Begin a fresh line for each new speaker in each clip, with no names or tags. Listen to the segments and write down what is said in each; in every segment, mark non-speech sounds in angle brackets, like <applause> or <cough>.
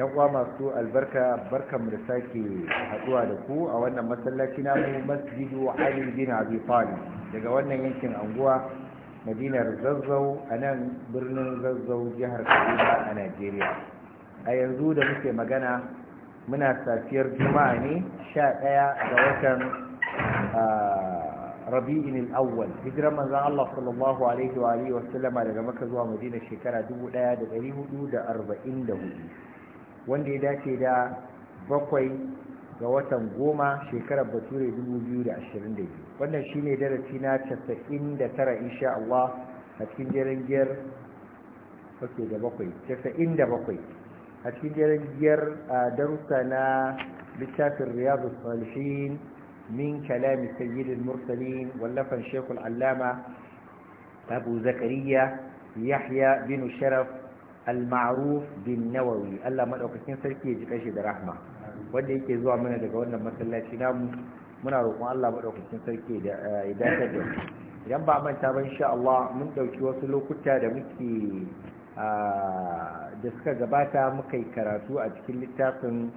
yan uwa masu albarka barkan da sake haduwa da ku a wannan masallaci namu masjidu ali bin abi talib daga wannan yankin anguwa madinar zazzau a nan birnin zazzau jihar kaduna a najeriya a yanzu da muke magana muna safiyar juma'a ne sha ɗaya ga watan rabi'in al'awwal hijirar manzan allah sallallahu alaihi wa alihi wasallama daga maka zuwa madina shekara hudu. wanda ya dace da bakwai ga watan goma shekarar bature 2022 wannan shi ne darasi na 99 insha Allah a cikin jerin giyar kake da bakwai 97 a cikin jerin giyar darussa na littafin riyadu salihin min kalami sayyidin mursalin wallafan shekul allama abu zakariya yahya bin sharaf al-ma'ruf bin nawawi Allah madaukakin sarki ya ji da rahma wanda yake zuwa mana daga wannan masallaci namu muna roƙon Allah madaukakin sarki da eh, ya da idan ba manta ba insha Allah mun dauki wasu lokuta da muke ah, da suka gabata muka yi karatu a cikin littafin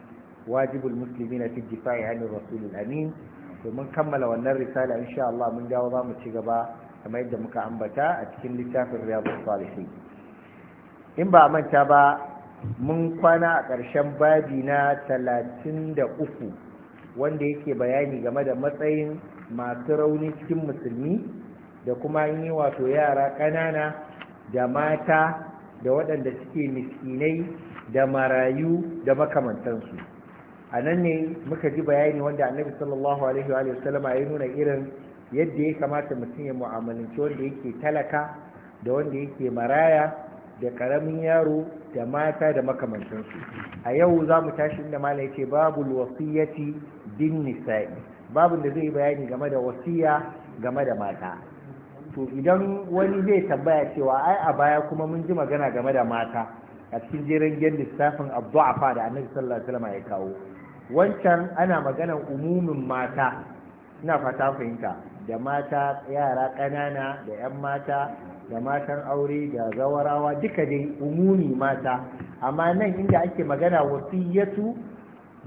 wajibul muslimina fi difa'i anir rasulil amin to mun kammala wannan risala insha Allah mun dawo za mu ci gaba kamar yadda muka ambata a cikin littafin riyadus salihin in ba manta ba mun kwana a ƙarshen babi na talatin da uku wanda yake bayani game da matsayin masu rauni cikin musulmi da kuma yi wato yara ƙanana da mata da waɗanda suke miskinai da marayu da makamantansu a nan ne muka ji bayani wanda annabi sallallahu alaihi wa sallama ya nuna irin yadda ya kamata mutum ya mu'amalanci wanda yake talaka da wanda yake maraya da karamin yaro da mata da makamantansu a yau za mu tashi inda mala ya ce babu wasiyyati bin nisa'i babu da zai bayani game da wasiya game da mata to idan wani zai tambaya cewa ai a baya kuma mun ji magana game da mata a cikin jiragen lissafin a da annabi sallallahu alaihi wasallam ya kawo wancan ana maganar umumin mata ina fata fahimta da mata yara ƙanana da 'yan mata da matan aure da zawarawa duka dai umumi mata amma nan inda ake magana wasiyatu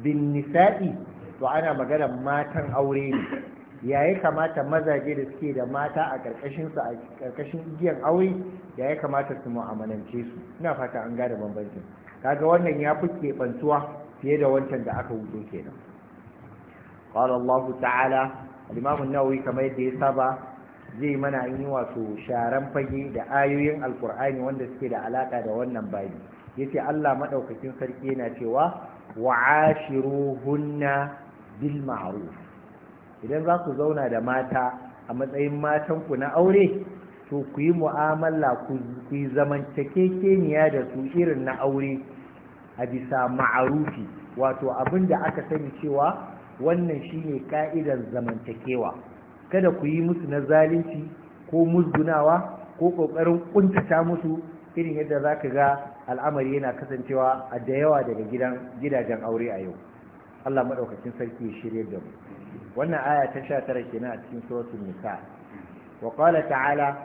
bin nisa'i to ana magana matan aure ne ya kamata mazaje da suke da mata a ƙarƙashin su a ƙarƙashin aure ya kamata su mu'amalance su ina fata an gane bambancin kaga wannan ya fi keɓantuwa fiye da wancan da aka wuce kenan qala Allah ta'ala al-imam an-nawawi kamar yadda ya saba zai mana yi wato sharan fage da ayoyin alkur'ani wanda suke da alaka da wannan bayi ce Allah madaukakin sarki yana cewa wa'ashiruhunna bil ma'ruf idan za ku zauna da mata a matsayin matan ku na aure to ku yi mu'amala ku yi zamantakekeniya da su irin na aure a bisa ma'arufi wato abin da aka sani cewa wannan shine ka'idan zamantakewa kada ku yi musu na zalunci ko musgunawa ko ƙoƙarin ƙuntata musu irin yadda za ka ga al'amari yana kasancewa a da yawa daga gidajen aure a yau Allah maɗaukacin sarki ya shirya da mu wannan aya ta sha tara kenan a cikin suratul nisa wa qala ta'ala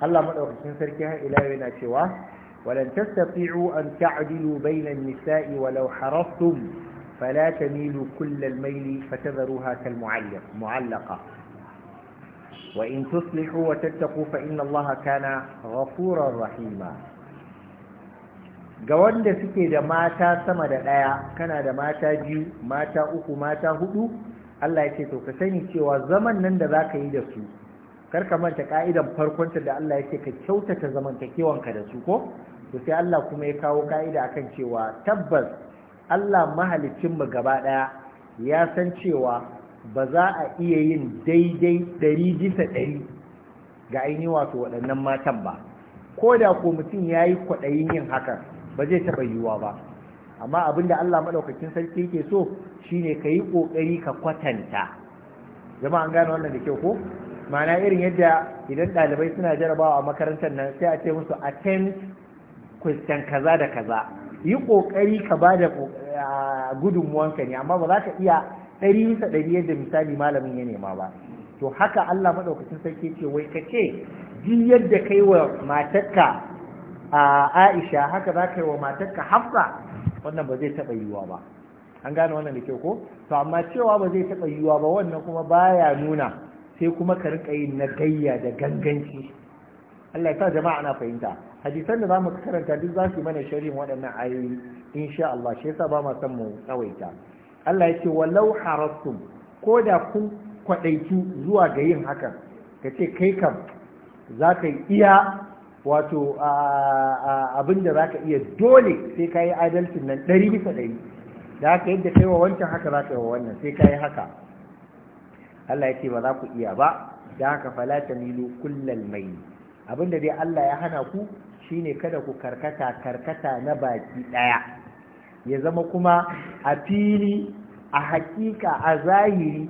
Allah maɗaukacin sarki har ila yana cewa walan tastati'u an ta'dilu bayna an-nisa'i walau harastum fala tamilu kullal mayli fatadharuha kal وإن تصلحوا وتتقوا فإن الله كان غفورا رحيما ga wanda suke da mata sama da ɗaya kana da mata biyu mata uku mata hudu Allah ya ce to ka sani cewa zaman nan da za ka yi da su kar ka manta ka'idan farkonta da Allah ya ce ka kyautata zamantakewanka da su ko to sai Allah kuma ya kawo ka'ida akan cewa tabbas Allah mahalicin mu gaba ɗaya ya san cewa ba za a iya yin daidai ɗari bisa ɗari ga ainihin wato waɗannan matan ba ko da ko mutum ya yi kwaɗayin yin haka ba zai taɓa yiwuwa ba amma abin da Allah maɗaukacin sarki yake so shine ka yi ƙoƙari ka kwatanta zama an gane wannan da kyau ko Mana irin yadda idan ɗalibai suna jarabawa a makarantar nan sai a ce musu attend question kaza da kaza yi ƙoƙari ka ba da gudunmuwanka ne amma ba za ka iya ɗari bisa ɗari yadda misali malamin ya nema ba to haka Allah maɗaukacin sarki ce wai ka ce ji yadda kai wa matarka a Aisha haka za ka yi wa matarka Hafsa wannan ba zai taɓa yiwuwa ba an gane wannan da kyau ko to amma cewa ba zai taɓa yiwuwa ba wannan kuma baya nuna sai kuma ka rika yin na gayya da ganganci Allah ya sa jama'a na fahimta hadisan da mu karanta duk za su mana sharhin waɗannan ayoyi insha Allah shi yasa ba ma san mu tsawaita Allah ya ce walau harastum ko da kun kwaɗaitu zuwa ga yin hakan ka ce kai kam za ka iya wato abin da za ka iya dole sai ka yi adalcin nan ɗari bisa ɗari da haka yadda kai wa wancan haka za ka yi wa wannan sai ka yi haka Allah ya ce ba za ku iya ba da haka fala ta milu mai abin da dai Allah ya hana ku shine kada ku karkata karkata na baki ɗaya ya zama kuma a fili a hakika a zahiri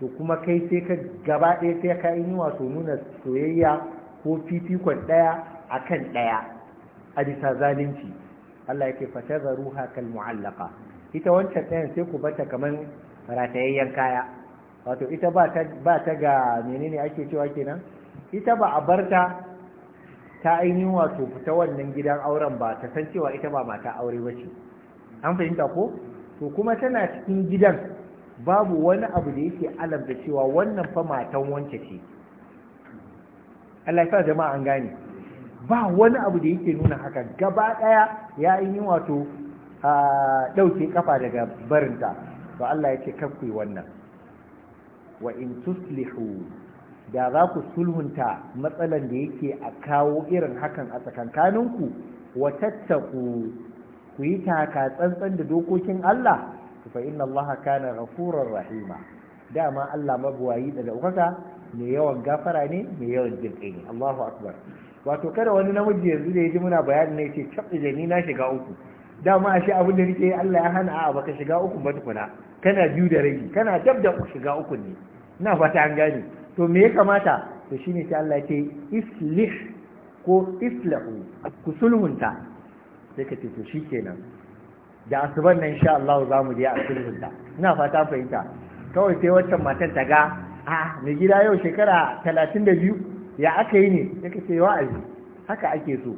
to kuma kai sai ka gaba ɗaya sai ka yi wato nuna soyayya ko fifikon ɗaya a kan ɗaya a bisa zalunci Allah ya ke fata ruha kan mu'allaka ita wancan ɗayan sai ku bata kamar ratayayyen kaya wato ita ba ta ga menene ake cewa kenan ita ba a barta ta ainihin wato fita wannan gidan auren ba ta san cewa ita ba mata aure ba ce an fahimta ko to kuma tana cikin gidan babu wani abu da yake alamta cewa wannan fa matan wance ce Allah ya sa jama'a an gane ba wani abu da yake nuna haka gaba daya ya yi wato dauke kafa daga barinta to Allah ya ce wannan wa in tuslihu da za ku sulhunta matsalan da yake a kawo irin hakan a tsakankaninku wa tattaku ku yi taka tsantsan da dokokin Allah fa inna Allah kana ghafurur rahima dama Allah mabuwayi da daukaka me yawan gafara ne me yawan jinkai ne Allahu akbar wato kada wani namiji yanzu da yaji muna bayani ne ce cabbi da ni na shiga uku dama a shi abin da nake Allah ya hana a baka shiga uku ba tukuna kana biyu da rabi kana dab da shiga uku ne ina fata an gane to me ya kamata to shine sai Allah ya ce islih ko islahu ku sulhunta sai ka to shi kenan da asuban nan insha Allah za mu je a sulhun ta ina fata fahimta kawai sai wancan matan ta ga a mai gida yau shekara talatin da biyu ya aka yi ne sai ka ce wa'azi haka ake so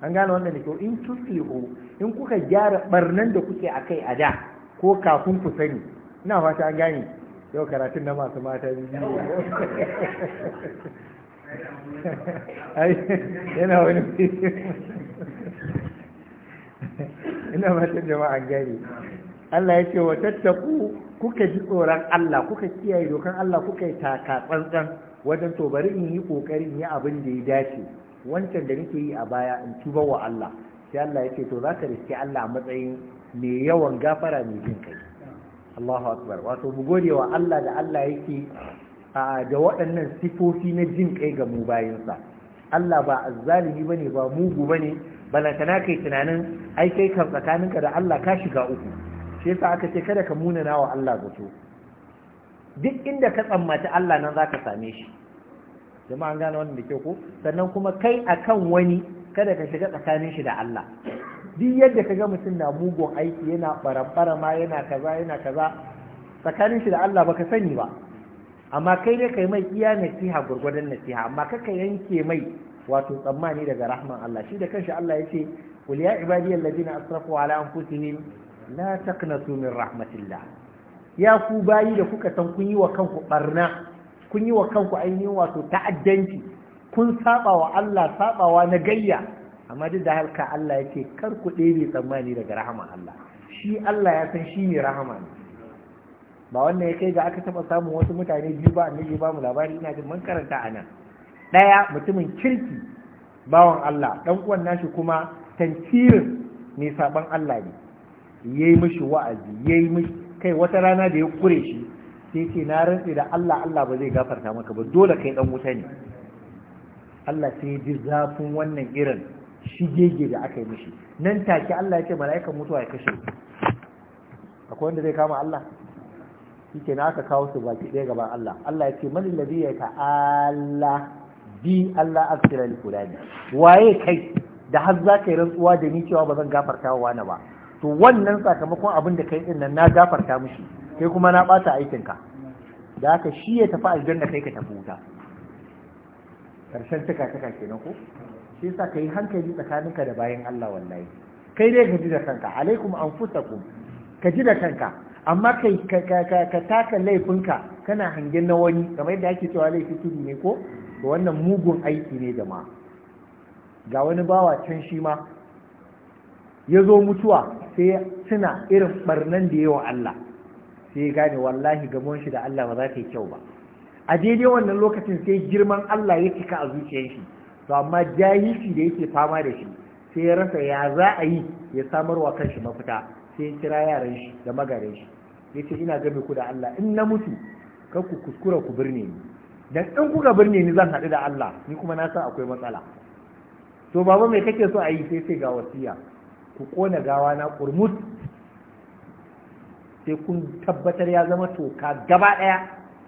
an gane wannan da kyau in tuslihu in kuka gyara barnan da kuke a kai a da ko kafin ku sani ina fata an gane yau karatun na masu mata biyu <laughs> yana wani ina ta jama'a gari Allah ya ce wa tattaku kuka ji tsoron Allah kuka kiyaye dokan Allah kuka yi taka tsantsan wajen to bari in yi kokarin yi abin da ya dace wancan da nake yi a baya in tuba wa Allah sai Allah ya ce to za ka riske Allah a matsayin mai yawan gafara mai jin kai Allahu akbar wato mu gode wa Allah da Allah yake da waɗannan sifofi na jin kai ga mu bayansa Allah ba azzalimi bane ba mugu bane balantana kai tunanin ai kai kan tsakaninka da Allah ka shiga uku shi yasa aka ce kada ka muna nawa Allah zato duk inda ka tsammaci Allah nan zaka same shi jama'a an gane wannan da kyau ko sannan kuma kai akan wani kada ka shiga tsakanin shi da Allah duk yadda ka ga mutum na mugun aiki yana barambara ma yana kaza yana kaza tsakanin shi da Allah baka sani ba amma kai ne kai mai iya nasiha gurgurdan nasiha amma kaka yanke mai wato tsammani daga rahman Allah shi da kanshi Allah ce, qul ya ibadiyal ladina asrafu ala anfusihim la taqnatu min rahmatillah ya ku bayi da kuka san kun yi wa kanku barna kun yi wa kanku ainihin wato ta'addanci kun saba wa Allah sabawa na gayya amma duk da halka Allah yake kar ku ɗebe tsammani daga rahman Allah shi Allah ya san shi ne rahama ne ba wannan ya kai ga aka taɓa samun wasu mutane biyu ba annabi ba mu labari ina jin mun karanta a nan ɗaya mutumin kirki bawan Allah ɗan uwan nashi kuma tantirin ne saban Allah ne yayi mishi wa'azi yayi mishi kai wata rana da ya kure shi sai ce na rantse da Allah Allah ba zai gafarta maka ba dole kai dan wuta ne Allah sai ya ji zafin wannan irin shigege da aka yi mishi nan take Allah ya ce mala'ikan mutuwa ya kashe akwai wanda zai kama Allah shike na aka kawo su baki ɗaya gaban Allah Allah ya ce mani alladhi ya Allah. bi Allah aksira al fulani waye kai da har za ka yi rantsuwa da ni cewa ba zan gafarta wa wani ba to wannan sakamakon abin da kai din nan na gafarta mishi kai kuma na bata aikin ka da haka shi ya tafi aljanna kai ka tafi wuta karshen tuka tuka kenan ko shi yasa kai hankali tsakaninka da bayan Allah wallahi kai dai ka ji da kanka alaikum anfusakum ka ji da kanka amma kai ka taka laifinka kana hangen na wani kamar yadda ake cewa laifi tudu ne ko to wannan mugun aiki ne ma ga wani bawa can shi ma ya zo mutuwa sai ya tuna irin barnan da yawa Allah sai ya gane wallahi gamon shi da Allah ba za ta yi kyau ba a daidai wannan lokacin sai girman Allah ya cika a zuciyar shi to amma jahilci da yake fama da shi sai ya rasa ya za a yi ya samar wa kanshi mafita sai ya kira yaran shi da magarin shi ya ce ina game ku da Allah in na mutu kar ku kuskura ku birne ni dan in kuka birne ni zan haɗu da Allah ni kuma na san akwai matsala to baba mai kake so a yi sai sai ga wasiya ku kona gawa na kurmut sai kun tabbatar ya zama toka gaba ɗaya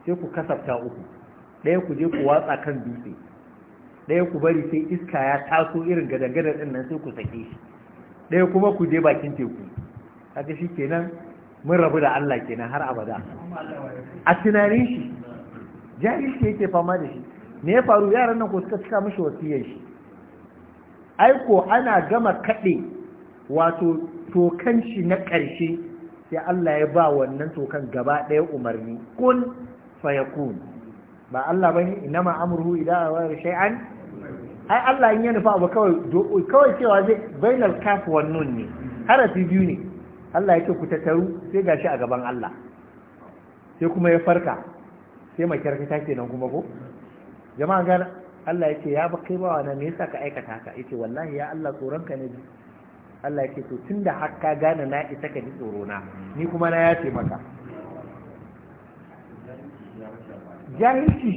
sai ku kasafta uku ɗaya ku je ku watsa kan dutse ɗaya ku bari sai iska ya taso irin gadangadar ɗin nan sai ku sake shi ɗaya kuma ku je bakin teku kaga shi kenan mun rabu da Allah kenan har abada a tunanin shi jahilci yake fama da shi me ya faru yaran nan ko suka cika mishi wasiyar shi aiko ana gama kaɗe wato tokan shi na ƙarshe sai Allah ya ba wannan tokan gaba ɗaya umarni kun fayakun ba Allah bane inama amruhu ila awar shay'an ai Allah in ya nufa ba kawai kawai cewa zai bainal kaf wan nun ne harafi biyu ne Allah yake ku tattaru sai gashi a gaban Allah sai kuma ya farka sai mai kyarfita kenan kuma ko jama'a gana Allah yake ya ba kai bawa nan me yasa ka aikata haka yace wallahi ya Allah tsoron ka ne Allah yake to tunda har ka gane na isa ka ji tsoro na ni kuma na yace maka jahilci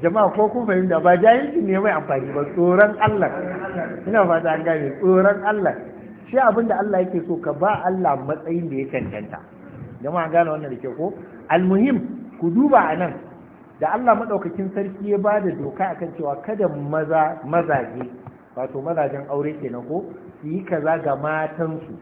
jama'a ko kun fahimta ba jahilci ne mai amfani ba tsoron Allah ina fata an gane tsoron Allah shi abin da Allah yake so ka ba Allah matsayin da ya cancanta jama'a gane wannan da ke ko almuhim ku duba a nan da Allah maɗaukakin sarki ya ba da doka akan cewa kada maza mazaje wato mazajen aure kenan ko su yi kaza ga matansu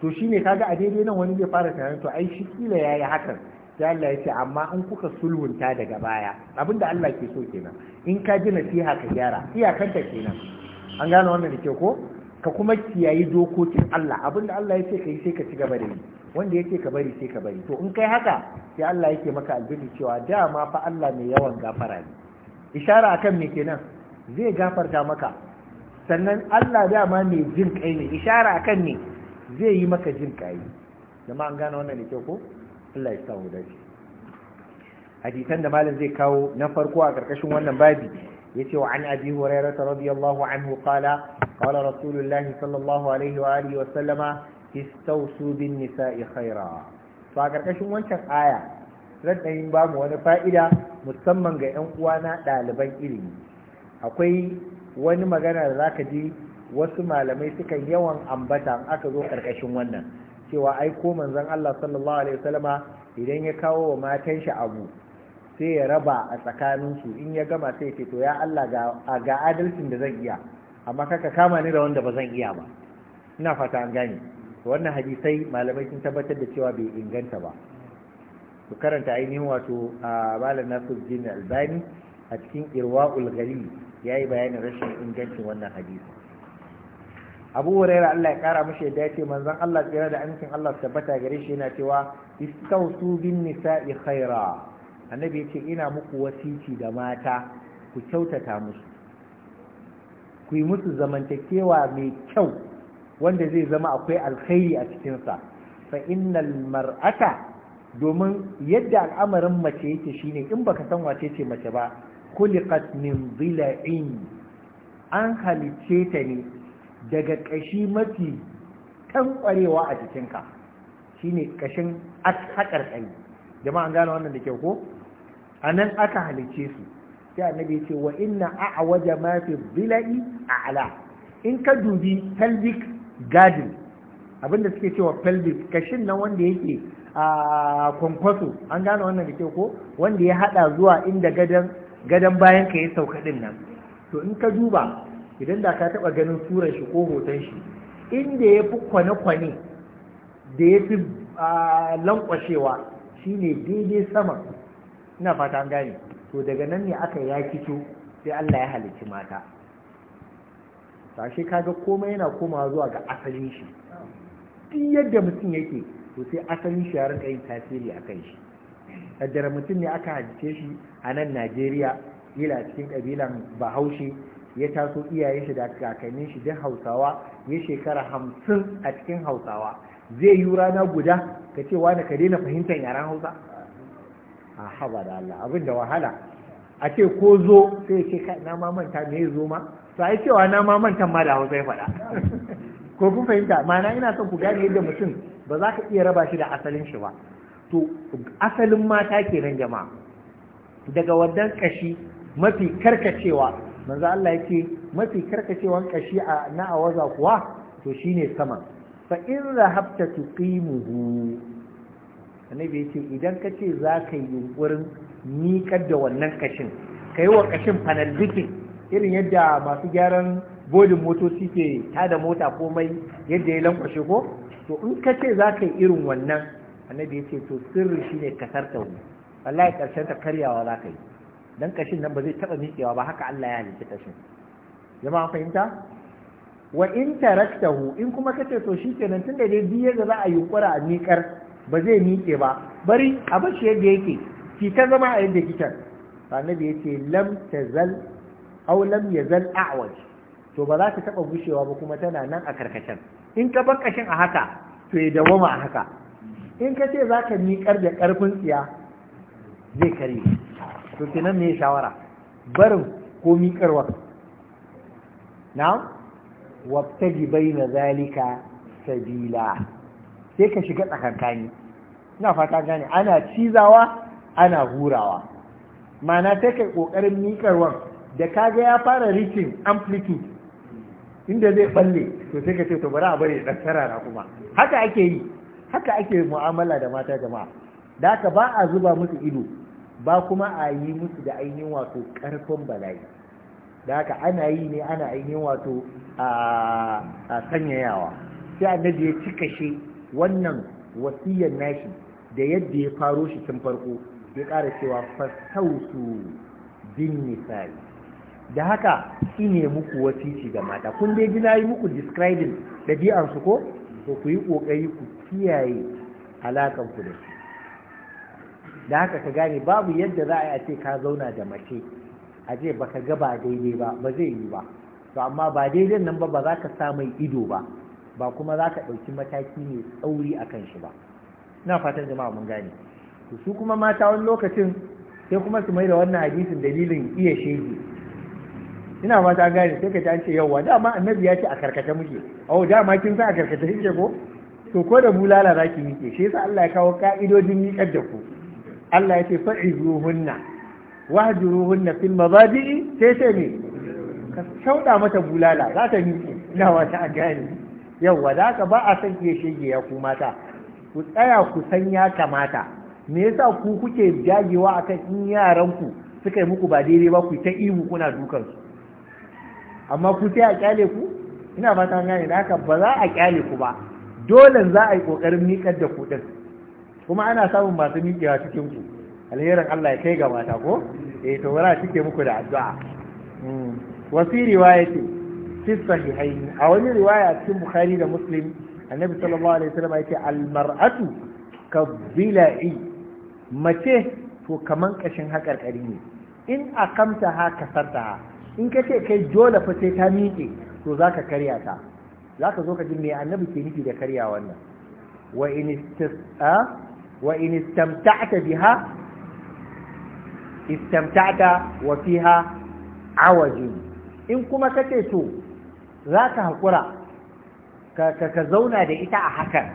to shine kaga a daidai nan wani zai fara tunanin to ai shi kila yayi hakan sai Allah ya ce amma in kuka sulhunta daga baya abinda Allah ke so kenan in ka ji nasiha ka gyara iyakanta kenan an gane wannan da ke ko ka kuma kiyayi dokokin Allah abinda Allah ya ce ka yi sai ka ci gaba da yi wanda ya ce ka bari sai ka bari to in kai haka sai Allah yake maka albini cewa dama fa Allah mai yawan gafara ne ishara akan me kenan zai gafarta maka sannan Allah dama mai jin kai ne ishara akan ne zai yi maka jin kai dama an gane wannan ne kyau ko Allah ya sa mu dace hadisan da malam zai kawo na farko a karkashin wannan babi يتي عن an abi رضي الله عنه qala قال رسول sallallahu alaihi الله عليه wa sallama استوصوا bin خيرا فاكركشن to a wancan aya zan babu wani fa'ida musamman ga 'yan uwana ɗaliban ilimi akwai wani magana da zaka ji wasu malamai suka yawan ambata aka zo karkashin wannan cewa ai ko manzon Allah sallallahu alaihi wasallama idan ya kawo wa matan shi abu sai ya raba a tsakaninsu in ya gama sai ce to ya Allah ga adalcin da zan iya amma kaka kama ni da wanda ba zan iya ba ina fata an gane wannan hadisai malamai sun tabbatar da cewa bai inganta ba Su karanta ainihin wato a malam Nasiruddin Albani a cikin Irwaul ya yayi bayanin rashin ingancin wannan hadisi Abu Hurairah Allah ya kara mishi ya yace manzon Allah tsira da amincin Allah tabbata gare shi yana cewa istawsu bin nisa'i khaira annabi ya ce ina muku wasiti da mata ku kyautata musu ku yi musu zamantakewa mai kyau wanda zai zama akwai alkhairi a cikinsa fa innal mar'ata domin yadda al'amarin mace yake shine in baka san wace ce mace ba khuliqat min dhila'in an halice ta ne daga kashi mafi ƙwarewa a jikinka shine kashin haƙarƙari ƙari jama'an gane wannan da kyau ko a nan aka halice su sai annabi ya ce wa inna a'waja ma fi bila'i a'la in ka dubi pelvic garden abinda suke cewa pelvic kashin nan wanda yake a kwankwaso an gane wannan da ke ko wanda ya hada zuwa inda gadan gadan bayan ka ya sauka din nan to in ka duba idan da ka taba ganin surar shi ko hoton shi inda ya fi kwane-kwane da ya fi lankwashewa shine daidai sama ina fata an gane to daga nan ne aka ya kito sai Allah ya halicci mata tashi kaga komai yana komawa zuwa ga asalin shi duk yadda mutum yake to sai asalin shi ya rinka yin tasiri a kan shi kaddara mutum ne aka halice shi a nan Najeriya kila cikin kabilan Bahaushe ya taso iyayen shi da kakannin shi da Hausawa ya shekara hamsin a cikin Hausawa zai yi rana guda ka ce wani ka daina fahimtar yaren Hausa a haba da Allah abin da wahala a ce ko zo sai ce na mamanta manta zo ma to ai cewa na mamanta ma da Hausa ya faɗa ko kun fahimta ma'ana ina son ku gane yadda mutum ba za ka iya raba shi da asalin shi ba to asalin mata kenan jama'a daga wannan kashi mafi karkacewa manzo Allah yake mafi karkacewan kashi a na awaza kuwa to shine sama fa in zahabta tuqimuhu annabi ya idan ka ce za ka yi yunkurin da wannan kashin ka yi wa kashin panel irin yadda masu gyaran bodin motoci ke tada mota komai yadda ya lankwashe ko to in ka ce za ka yi irin wannan annabi ya to sirri shine kasar tauni wallahi karshen ta karyawa za ka yi dan kashin nan ba zai taba miƙewa ba haka Allah ya halitta kashin jama'a fahimta wa in taraktahu in kuma kace to shikenan tunda dai biye da za a yunkura a miƙar ba zai miƙe ba bari a bashi yadda yake ki ta zama a yadda kike annabi yace lam tazal aw lam yazal a'waj to ba za ta taba gushewa ba kuma tana nan a karkashin in ka bar a haka to ya dawoma a haka in ka ce za ka miƙar da ƙarfin tsiya zai kare to kenan ne shawara barin ko miƙarwa na wabtaji bai na zalika sabila sai ka shiga tsakankani ina fata gane ana cizawa ana hurawa ma'ana sai ka ƙoƙarin mikarwan da kaga ya fara reaching amplitude inda zai balle to sai ka ce to bari a bari dan sarara kuma haka ake yi haka ake mu'amala da mata jama'a da haka ba a zuba musu ido ba kuma a yi musu da ainihin wato karfin bala'i da haka ana yi ne ana ainihin wato a sanyayawa sai annabi ya cika shi wannan wasiyar nashi da yadda ya faro shi tun farko ya ƙara cewa fasausu bin nisa'i da haka ine muku wasici ga mata kun dai gina yi muku describing ɗabi'ar su ko to ku yi ƙoƙari ku kiyaye alakan ku da su da haka ka gane babu yadda za a yi a ce ka zauna da mace a ce baka ga ba daidai ba ba zai yi ba to amma ba daidai nan ba ba za ka sa mai ido ba ba kuma za ka ɗauki mataki mai tsauri a kan shi ba na fatan jama'a mun gane to su kuma mata wani lokacin sai kuma su mai da wannan hadisin dalilin iya shege ina mata gane sai ka tace yauwa dama annabi ya ce a karkata muke oh dama kin sa a karkata kike ko to ko da bulala za ki miƙe shi yasa Allah ya kawo ka'idodin miƙar da ku Allah ya ce fa'izuhunna wahjuruhunna fil mabadi'i sai sai ne ka shauɗa mata bulala za ta miƙe ina wata ta gane Yau, da haka ba a san ya shege ya ku mata ku tsaya ku san ya kamata me yasa ku kuke jagewa akan in yaran ku suka yi muku ba daidai ba ku ta ihu kuna dukan su amma ku sai a kyale ku ina fata gane da haka ba za a kyale ku ba dole za a yi kokarin miƙar da ku din kuma ana samun masu miƙewa cikin ku alherin Allah ya kai ga mata ko eh to wara cike muku da addu'a hmm. Wasirewa riwaya ce fi sahihaini a wani riwaya cikin bukhari da muslim annabi sallallahu alaihi wasallam yake almar'atu kabila'i mace to kaman kashin hakarkari ne in akamta ha kasarta ha in kace kai jola fa ta miƙe to zaka karya ta zaka zo ka ji me annabi ke nufi da karya wannan wa in istamta'ta biha istamta'ta wa awajin in kuma kace to za ka haƙura ka zauna da ita a hakan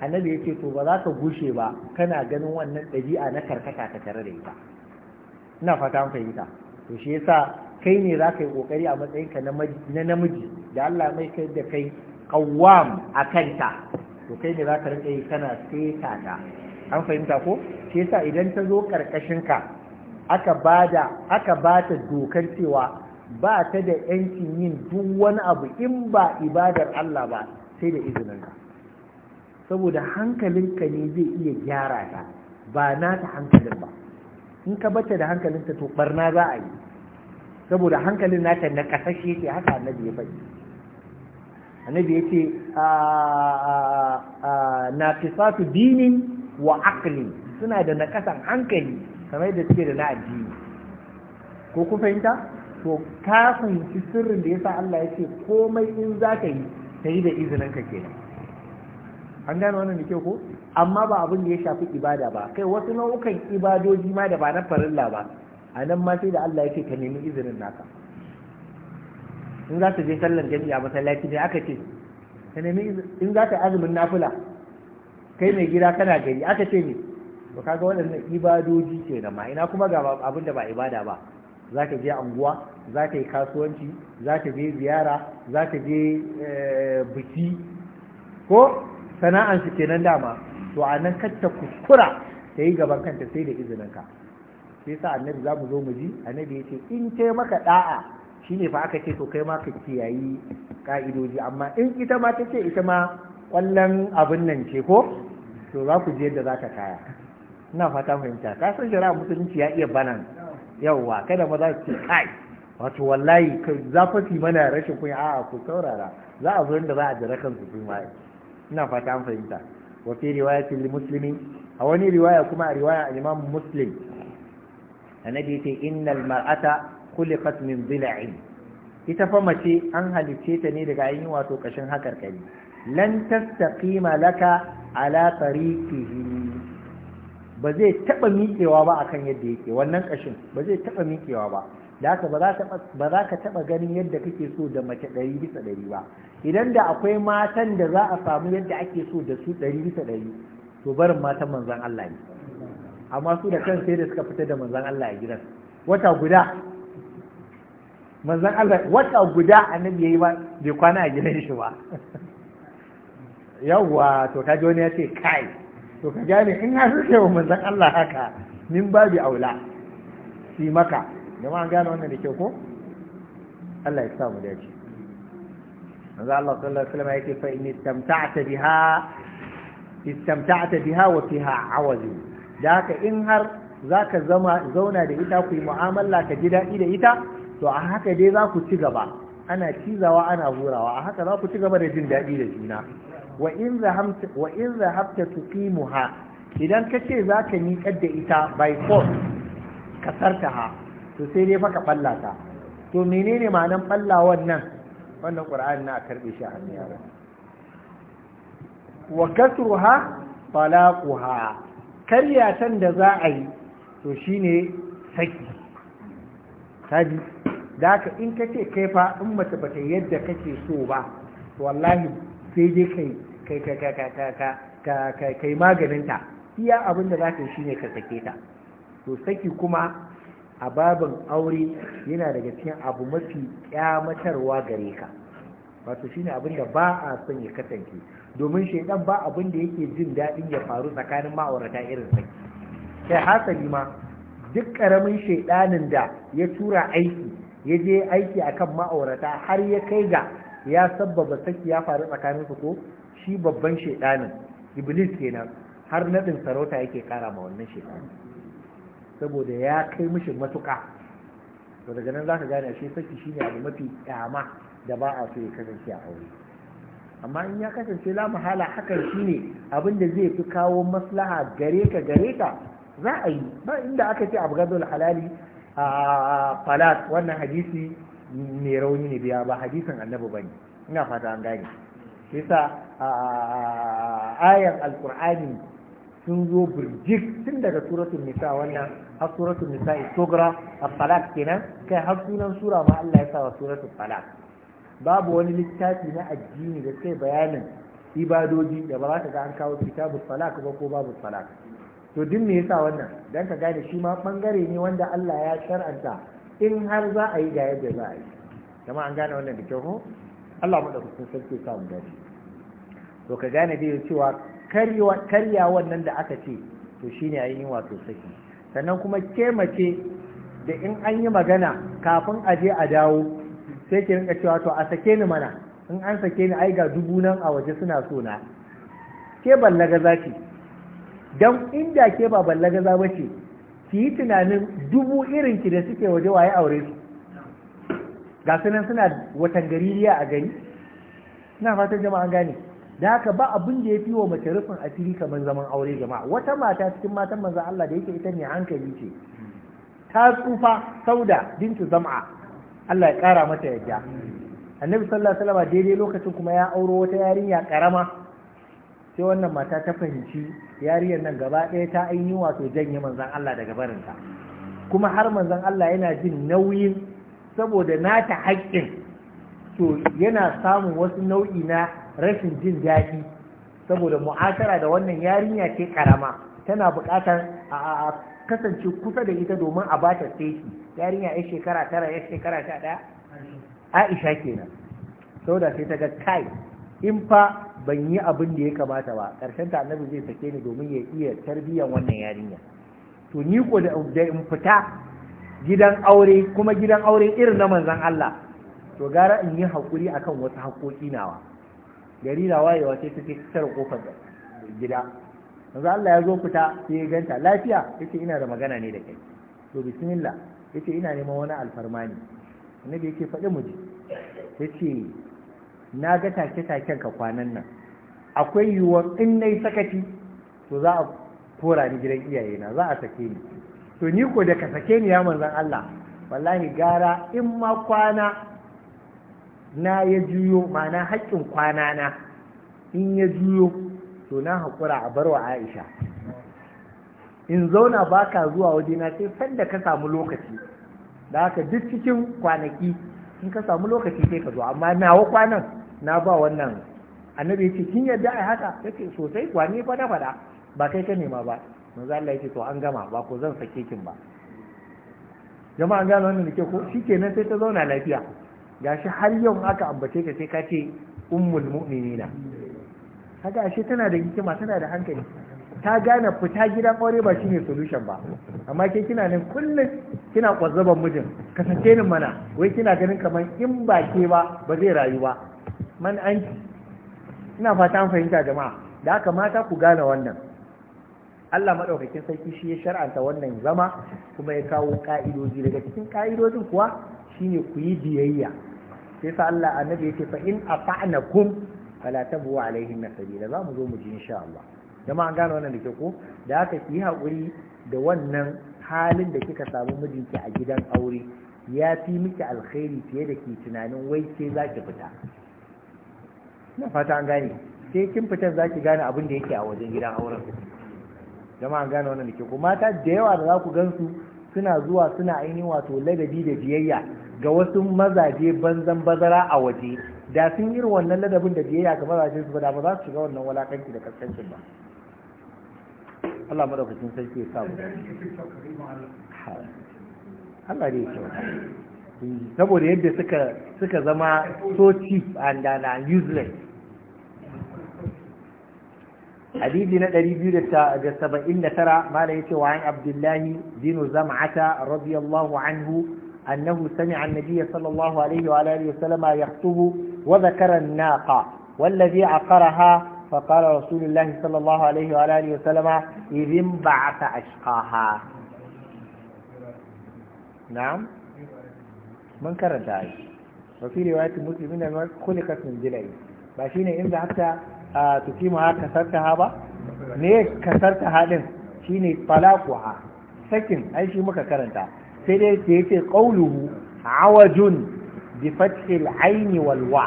annabi ya ce to ba za ka gushe ba kana ganin wannan ɗabi'a na karkata ta tare da ita ina fata an fahimta to shi yasa kai ne za ka yi ƙoƙari a matsayinka na namiji da Allah mai kai da kai kawwam a kanta to kai ne za ka rinka yi kana seta ta an fahimta ko shi yasa idan ta zo ƙarƙashinka aka bada aka ba ta dokar cewa ba ta da yancin yin duk wani abu in ba ibadar Allah ba sai da izininka saboda hankalinka ne zai iya gyara ta ba na ta hankalin ba in ka bata da hankalinta to barna za a yi saboda hankalin nata na kasashe yake haka annabi ya faɗi annabi ya ce na fisatu dinin wa aklin suna da nakasan hankali kamar da suke da na addini ko ku fahimta to ka fahimci sirrin da yasa Allah ya ce komai in za ka yi ta yi da izinin ka kenan an gane wannan da kyau ko amma ba abin da ya shafi ibada ba kai wasu nau'ukan ibadoji ma da ba na farilla ba a nan ma sai da Allah ya ce ka nemi izinin naka in za ta je sallan jami'a masallaci ne aka ce ka nemi in za ta azumin nafila kai mai gida kana gari aka ce ne ba kaga waɗannan ibadoji ke da ma ina kuma ga abin da ba ibada ba za ka je anguwa za ta yi kasuwanci za ta je ziyara za ta je eh, biki ko sana'an su kenan dama to a nan kanta kuskura ta yi gaban kanta sai da izininka sai sa annabi za mu zo mu ji annabi ya ce in ce maka da'a shine fa aka ce to kai ma ka kiyayi ka'idoji amma in ita ma ta ce ita ma kwallon abin nan ce ko to za ku je yadda za ta kaya ina fata fahimta ka san shari'a musulunci ya iya banan yawwa kada maza su ce kai wato wallahi za fi mana rashin kunya a'a ku saurara za a zo inda za a jira kansu su ina fata an fahimta wa fi riwayatin muslimi a wani riwaya kuma a riwaya al-imam muslim annabi yace innal mar'ata khuliqat min dila'in ita fa mace an halicce ta ne daga ainihin wato kashin hakar kai lan tastaqima laka ala tariqihi ba zai taba miƙewa ba akan yadda yake wannan kashin ba zai taba miƙewa ba da haka ba za ka taɓa ganin yadda kake so da mace ɗari bisa ɗari ba idan da akwai matan da za a samu yadda ake so da su ɗari bisa ɗari to barin matan manzan Allah ne amma su da kan sai da suka fita da manzan Allah a gidan wata guda manzan Allah wata guda annabi yayi ba bai kwana a gidan shi ba <laughs> yawwa to ka ji wani ya ce kai to ka gane in har suke wa manzan Allah haka min babi aula si maka jama'a an gane wannan da kyau ko Allah ya sa mu dace manzo Allah sallallahu alaihi wasallam yake fa in istamta'ta biha istamta'ta biha wa fiha awaju da haka in har zaka zama zauna da ita ku yi mu'amala ka ji daɗi da ita to a haka dai za ku ci gaba ana cizawa ana hurawa a haka za ku ci gaba da jin daɗi da juna wa in zahamta wa in zahabta tuqimuha idan kace zaka miƙar da ita by force ha. to sai dai faka falla ta to menene ma'anan fallawan nan wannan qur'ani na karbe shi a hannun yara wa kasruha talaquha karyatan da za a yi to shine saki kadi da ka in kace kai fa in mace bata yadda kake so ba to wallahi sai dai kai kai kai kai kai kai kai kai maganinta iya abinda da za ka yi shine ka sake ta to saki kuma a babin aure yana daga cikin abu mafi kyamatarwa gare ka wato shine abin da ba a son ya kasance domin shaidan ba abin da yake jin daɗin ya faru tsakanin ma'aurata irin sai kai hasali ma duk karamin shaidanin da ya tura aiki ya je aiki akan ma'aurata har ya kai ga ya sabbaba saki ya faru tsakanin su ko shi babban shaidanin iblis kenan har nadin sarauta yake kara ma wannan shaidanin saboda ya kai mishi matuƙa to daga nan za ka gane shi, saki shine abu mafi kyama da ba a so ya kasance a aure amma in ya kasance la mahala hakan shine abin da zai fi kawo maslaha gare ka gare ka za a yi ba inda aka ce abu gadol halali a falat wannan hadisi mai rauni ne biya ba hadisin annabi bane ina fata an gane shi yasa ayan alqur'ani sun zo burjik tun daga suratul nisa wannan har suratul nisa'i a falak talaq kenan kai har sunan sura ma Allah ya sa wa suratul falak. babu wani littafi na addini da kai bayanin ibadoji da ba za ka ga an kawo kitabul talaq ba ko babu talaq to din me yasa wannan dan ka gane shi ma bangare ne wanda Allah ya shar'anta in har za a yi ga yadda za a yi jama'a an gane wannan da kyau ko Allah madaukakin sarki sa mu dace to ka gane dai cewa karyawa wannan da aka ce to shine ainihin wato saki sannan kuma ke mace da in an yi magana kafin a je a dawo sai ke rinka cewa to a sake ni mana in an sake ni ai ga dubu nan a waje suna so na ke ballaga zaki dan inda ke ba ballaga za ce, ki yi tunanin dubu irin ki da suke waje waye aure su ga sunan suna watan gari a gani, suna fatan jama'an gane da haka ba abin da ya fi wa mace rufin asiri kamar zaman aure jama'a wata mata cikin matan manzon Allah da yake ita ne hankali ce ta tsufa sauda bintu zam'a Allah ya kara mata yadda annabi sallallahu alaihi wasallam daidai lokacin kuma ya auro wata yarinya karama sai wannan mata ta fahimci yarinyar nan gaba ɗaya ta ainihin wato janye Manzan Allah daga barinta kuma har Manzan Allah yana jin nauyin saboda nata haƙƙin to yana samun wasu nau'i na rashin jin daɗi saboda mu'asara da wannan yarinya ce karama tana buƙatar a kasance kusa da ita domin a bata seti yarinya ya shekara tara ya shekara sha ɗaya aisha kenan saboda sai ta ga kai in fa ban yi abin da ya kamata ba ƙarshen ta annabi zai sake ni domin ya iya tarbiyyar wannan yarinya to ni ko da in fita gidan aure kuma gidan aure irin na manzon Allah to gara in yi haƙuri akan wasu haƙoƙi nawa gari na wayewa sai take tare kofar gida yanzu Allah ya zo fita sai ya ganta lafiya yace ina da magana ne da kai to bismillah yace ina neman wani alfarma ne annabi yake faɗi mu ji yace na ga take taken ka kwanan nan akwai yiwuwar in nayi sakaci to za a kora ni gidan iyaye na, za a sake ni to ni ko da ka sake ni ya manzon Allah wallahi gara in ma kwana na ya juyo ma'ana haƙƙin kwana na in ya juyo to na haƙura a barwa aisha in zauna ba ka zuwa wajena sai sanda ka samu lokaci da haka duk cikin kwanaki in ka samu lokaci sai ka zo amma nawa kwanan na ba wannan annabi ce, kin yadda ai haka yake sosai kwani fa da fada ba kai ka nema ba manzo Allah yake to an gama ba ko zan sake kin ba jama'a gane gano wannan ke ko shikenan sai ta zauna lafiya gashi har yau aka ambace ka sai ka ce ummul mu'minina haka ashe tana da hikima tana da hankali ta gane fita gidan aure ba shine solution ba amma ke kina nan kullum kina kwazzaban mijin Ka sace ni mana wai kina ganin kamar in ba ke ba ba zai rayu ba man an ina fata an fahimta jama'a da haka mata ku gane wannan Allah madaukakin sarki shi ya shar'anta wannan zama kuma ya kawo ka'idoji daga cikin ka'idojin kuwa shine ku yi biyayya sai sa Allah annabi yake fa in ata'nakum fala tabu alaihim sabila za mu zo mu ji insha Allah jama'a an gane wannan da ke ko da haka ki hakuri da wannan halin da kika samu mijinki a gidan aure ya fi miki alkhairi fiye da ki tunanin wai sai za ki fita na fata an gane sai kin fita za ki gane abin da yake a wajen gidan auren jama'a an gane wannan da ke ko mata da yawa da za ku gansu suna zuwa suna ainihin wato ladabi da biyayya ga wasu mazaje banzan bazara a waje da sun yi wannan ladabin da biyayya ga mazaje su da ba za su shiga wannan walakanci da kaskancin ba Allah madaukakin sarki ya samu Allah ne ya saboda yadda suka suka zama so cheap and uh, useless حديث ندري بيرة جسبا إن ترى ما ليس وعن عبد الله دين زمعة رضي الله عنه أنه سمع النبي صلى الله عليه وعلى آله وسلم يخطب وذكر الناقة والذي عقرها فقال رسول الله صلى الله عليه وعلى آله وسلم إذ انبعث أشقاها نعم من كرن تعيش وفي رواية المسلمين خلقت من جلعي باشين إن حتى تقيمها كسرتها با ليه كسرتها لن شيني طلاقها سكن أي شيء مكا كرن تعيش sai dai da yace qawluhu awajun bi fathi al-ayn wal wa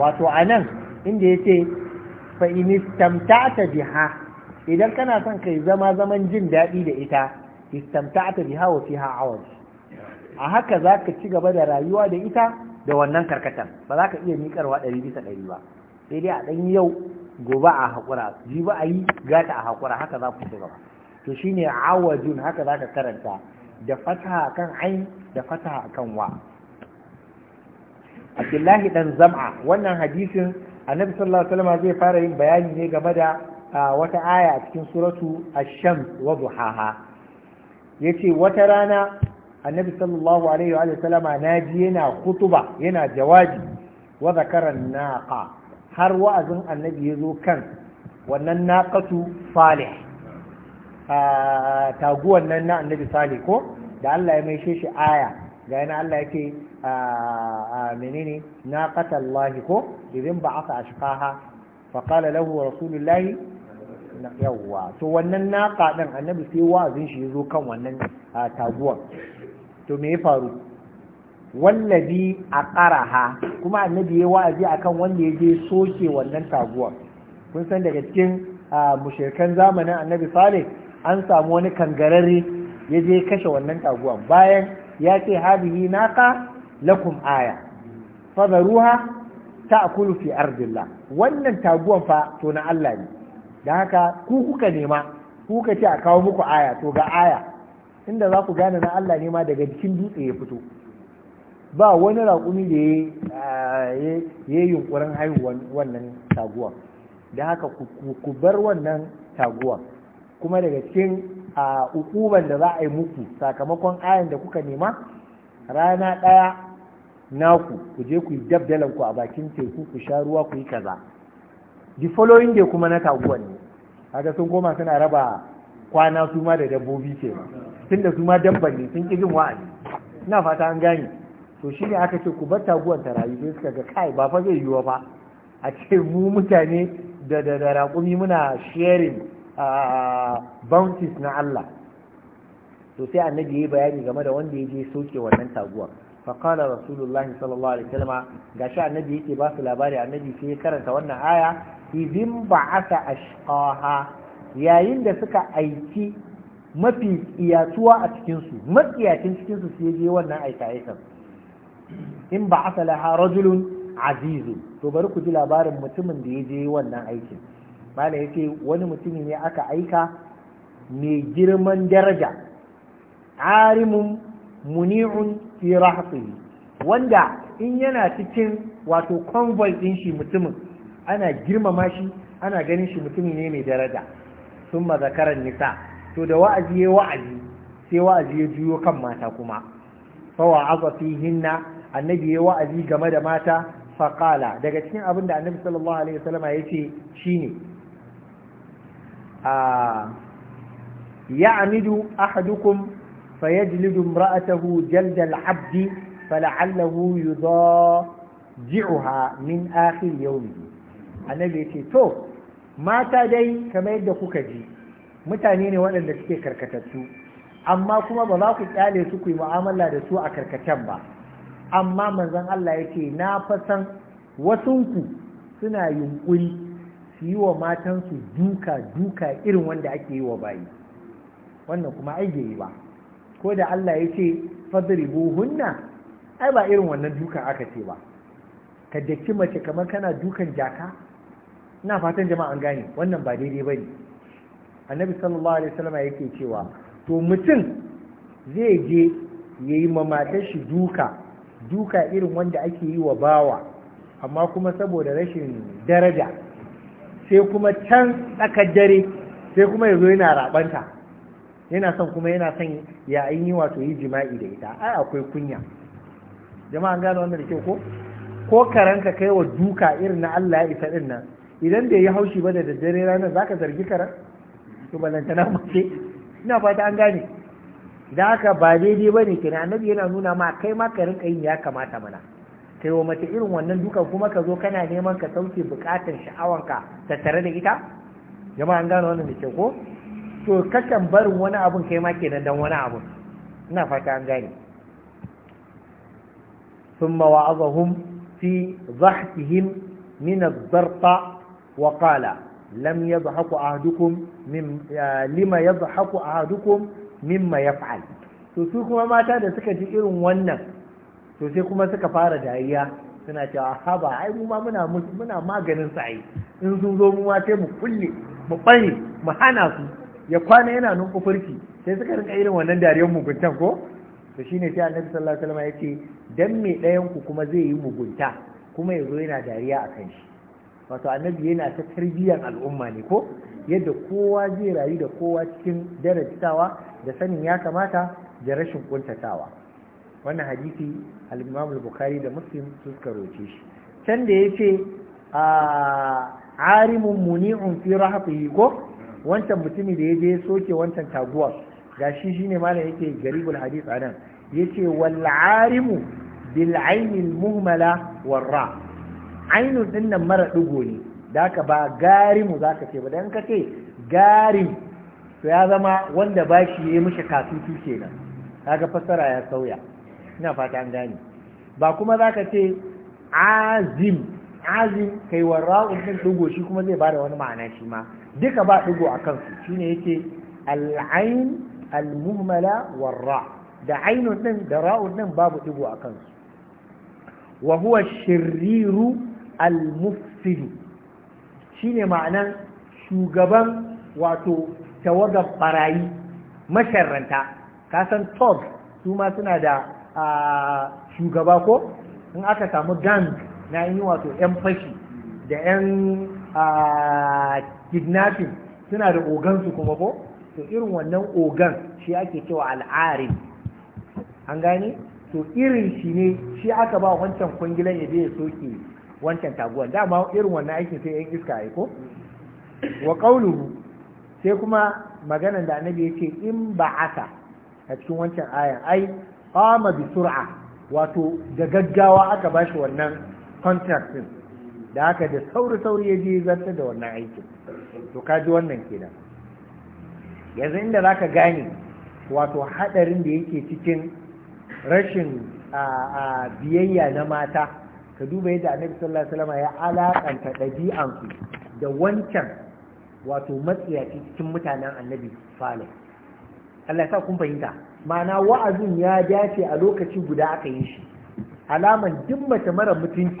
wato anan inda yace fa in istamta'ta biha idan kana son kai zama zaman jin daɗi da ita istamta'ta biha wa fiha awaj a haka zaka ci gaba da rayuwa da ita da wannan karkatar. ba za ka iya miƙarwa ɗari bisa ɗari ba sai dai a ɗan yau gobe a haƙura ji ba a yi gata a haƙura haka za ku ci gaba to shine awajun haka za ka karanta da fataha kan ain da fataha kan wa abdullahi dan zam'a wannan hadisin annabi sallallahu alaihi wasallam zai fara yin bayani ne game da wata aya a cikin suratu ash-shams wa duhaha yace wata rana annabi sallallahu alaihi wa sallama naji yana khutuba yana jawabi wa zakara naqa har wa'azin annabi yazo kan wannan naqatu salih a taguwan nan na annabi sale ko da Allah ya maishe shi aya ga yana Allah yake a menene na qatallahi ko idan ba aka ashqaha fa lahu rasulullahi yawwa to wannan na din annabi sai wa'azin shi yazo kan wannan taguwan to me ya faru wallazi ƙaraha, kuma annabi ya wa'azi akan wanda ya je soke wannan taguwan kun san daga cikin mushirkan zamanin annabi salih an samu wani kangararre ya je kashe wannan taguwa bayan ya ce hadihi naka lakum aya fadaruha a fi ardillah wannan taguwan fa to na Allah ne da haka ku kuka nema ku ka ce a kawo muku aya to ga aya inda za ku gane na Allah ne ma daga cikin dutse ya fito ba wani raƙumi da ya yi yunƙurin haihuwan wannan taguwan, da haka ku bar wannan taguwan. kuma daga cikin a ukuban da za a yi muku sakamakon ayan da kuka nema rana ɗaya naku ku je ku yi dabdalan ku a bakin teku ku sha ruwa ku yi kaza the following day kuma na taguwan ne kaga sun koma suna raba kwana su ma da dabbobi ce tun da su ma dabban ne sun kijin wa'azi ina fata an gane to shi ne aka ce ku bar taguwan ta rayu sai suka ga kai ba fa zai yiwu ba a ce mu mutane da da raƙumi muna sharing bounties na Allah to sai annabi yayi bayani game da wanda ya je soke wannan taguwa, fa qala rasulullah sallallahu alaihi wasallam gashi annabi yake ba su labari annabi sai ya karanta wannan aya idin ba'atha ashqaha yayin da suka aiki mafi iyatuwa a cikin su matsiyacin cikin su sai je wannan aika aikan in ba'atha laha rajulun azizun to bari ku ji labarin mutumin da ya je wannan aikin mala ya ce wani mutum ne aka aika mai girman daraja arimun muni'un fi rahatihi wanda in yana cikin wato convoy din shi mutumin ana girmama shi ana ganin shi mutumi ne mai daraja sun mazakarar nisa to da wa'azi ya wa'azi sai wa'azi ya juyo kan mata kuma fawa aza hinna annabi ya wa'azi game da mata faƙala. daga cikin abin da annabi sallallahu alaihi wasallama ne. shine ya'midu ahadukum fayajlidu imra'atahu jalda al-'abdi fala'allahu yudajji'uha min akhir yawmihi annabi yace to mata dai kamar yadda kuka ji mutane ne waɗanda suke karkatattu amma kuma ba za ku kyale su ku yi mu'amala da su a karkacen ba amma manzon Allah yace na fasan wasunku suna yunkuri su yi wa matansu duka duka irin wanda ake yi wa bayi wannan kuma ai bai yi ba ko da Allah ya ce hunna ai ba irin wannan duka aka ce ba ka daki mace kamar kana dukan jaka ina fatan jama'a an gane wannan ba daidai bane annabi sallallahu alaihi wasallam yake cewa to mutum zai je yayi ma matar shi duka duka irin wanda ake yi wa bawa amma kuma saboda rashin daraja sai kuma can tsakar dare sai kuma ya zo yana rabanta yana son kuma yana son ya yi wato yi jima'i da ita ai akwai kunya jama'an gane wannan da ke ko ko karanka kai wa duka irin na Allah ya isa din nan idan bai yi haushi ba da daddare ranar zaka zargi karan to na mace ina fata an gane da haka ba daidai ba ne kenan annabi yana nuna ma kai ma ka rinka yin ya kamata mana kai wa mace irin wannan duka kuma ka zo kana neman ka sauke bukatar sha'awanka tattare da ita jama'a an gano wannan da ke ko to kakan barin wani abun kai ma kenan dan wani abun ina fata an gane ثم وعظهم في ضحكهم من الزرطة وقال لم يضحك أحدكم من لما يضحك أحدكم مما يفعل to su kuma mata da suka ji irin wannan to sai kuma suka fara dariya suna cewa haba ai mu ma muna muna maganin su ai in sun zo mu ma sai mu kulle mu bari mu hana su ya kwana yana kufurki sai suka rinka irin wannan dariyar muguntan ko to shine sai annabi sallallahu alaihi wasallam yace dan me ɗayan ku kuma zai yi mugunta kuma yazo yana dariya a kan shi wato annabi yana ta tarbiyyar al'umma ne ko yadda kowa zai rayu da kowa cikin darajtawa da sanin ya kamata da rashin kuntatawa wannan hadisi al-imam al-bukhari da muslim sun karoce shi can da yace a arimun muni'un fi rahfihi ko wancan mutumi da yaje soke wancan taguwa gashi shine malam yake garibul Hadis anan yace wal arimu bil ayni al muhmala war ra ainun dinnan mara dugo ne da ka ba garimu zaka ce ba dan ka ce garim to ya zama wanda bashi yayi mishi kasutu kenan kaga fassara ya sauya ina fata an ba kuma za ka ce azim azim kai wa ra'un din dugo shi kuma zai bada wani ma'ana shi ma duka ba dugo a kansu shine yake al'ain al-muhmala da ainun din da ra'un din babu dugo a kansu wa huwa shirriru al-mufsid shine ma'anan shugaban wato tawagar barayi masharranta kasan tog su ma suna da shugaba ko in aka samu gang na yi wato 'yan fashi da 'yan kidnapping suna da ogansu kuma ko to irin wannan ogan shi ake cewa al'ari an gane to irin shi ne shi aka ba wancan kwangilan ya je ya soke wancan taguwan dama irin wannan aikin sai yan iska ya ko wa qauluhu sai kuma maganan da annabi ce in ba'asa a cikin wancan ayan ai kama bi sur'a wato da gaggawa aka bashi wannan contract da aka da sauri sauri ya je zartar da wannan aikin to kaji wannan kenan yanzu inda za ka gane wato hadarin da yake cikin rashin biyayya na mata ka duba yadda annabi sallallahu alaihi ya alakanta ɗabi'ansu da wancan wato matsiyaci cikin mutanen annabi salih Allah ya sa kun fahimta ma'ana wa'azin ya dace a lokaci guda aka yi shi alaman duk mace mara mutunci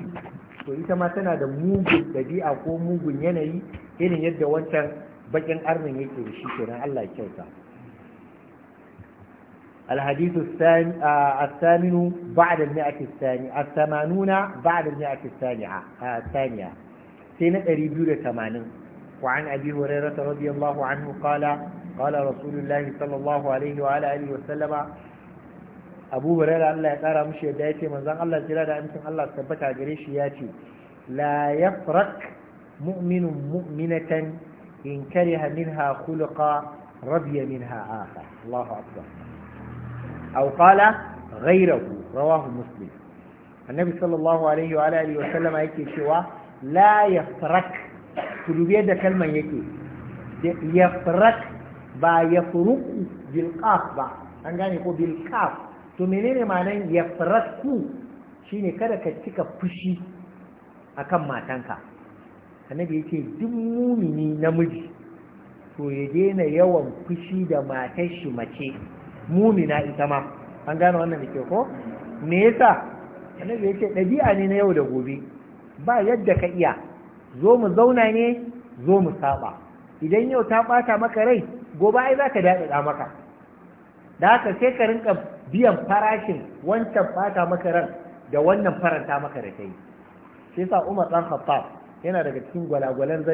to ita ma tana da mugun dabi'a ko mugun yanayi irin yadda wancan bakin arnin yake da shi kenan Allah kyauta الحديث الثامن بعد المئة الثانية الثمانون بعد المئة الثانية الثانية سنة 280 وعن أبي هريرة رضي الله عنه قال قال رسول الله صلى الله عليه وعلى آله وسلم أبو هريرة الله يقرأ مشي يدايتي من ذن الله جلال أمسن الله ثبت عجريش ياتي لا يفرق مؤمن مؤمنة إن كره منها خلقا رضي منها آخر الله أكبر أو قال غيره رواه مسلم النبي صلى الله عليه وعلى آله وسلم يكي شوى لا يفرق تلوبية كلمة يكي يفرق ba ya furuku bilkaf ba an gane ko bilkaf to menene ma'anan ya faraku shine kada ka cika fushi akan matanka annabi yake duk mumini namiji to ya daina yawan fushi da matar shi mace mumina ita ma an gane wannan da ke ko me yasa annabi yake ɗabi'a ne na yau da gobe ba yadda ka iya zo mu zauna ne zo mu saba idan yau ta ɓata maka rai gobe ai za ka daɗaɗa maka da haka sai ka rinka biyan farashin wancan fata maka ran da wannan faranta maka da kai shi sa Umar dan Khattab yana daga cikin gwalagwalan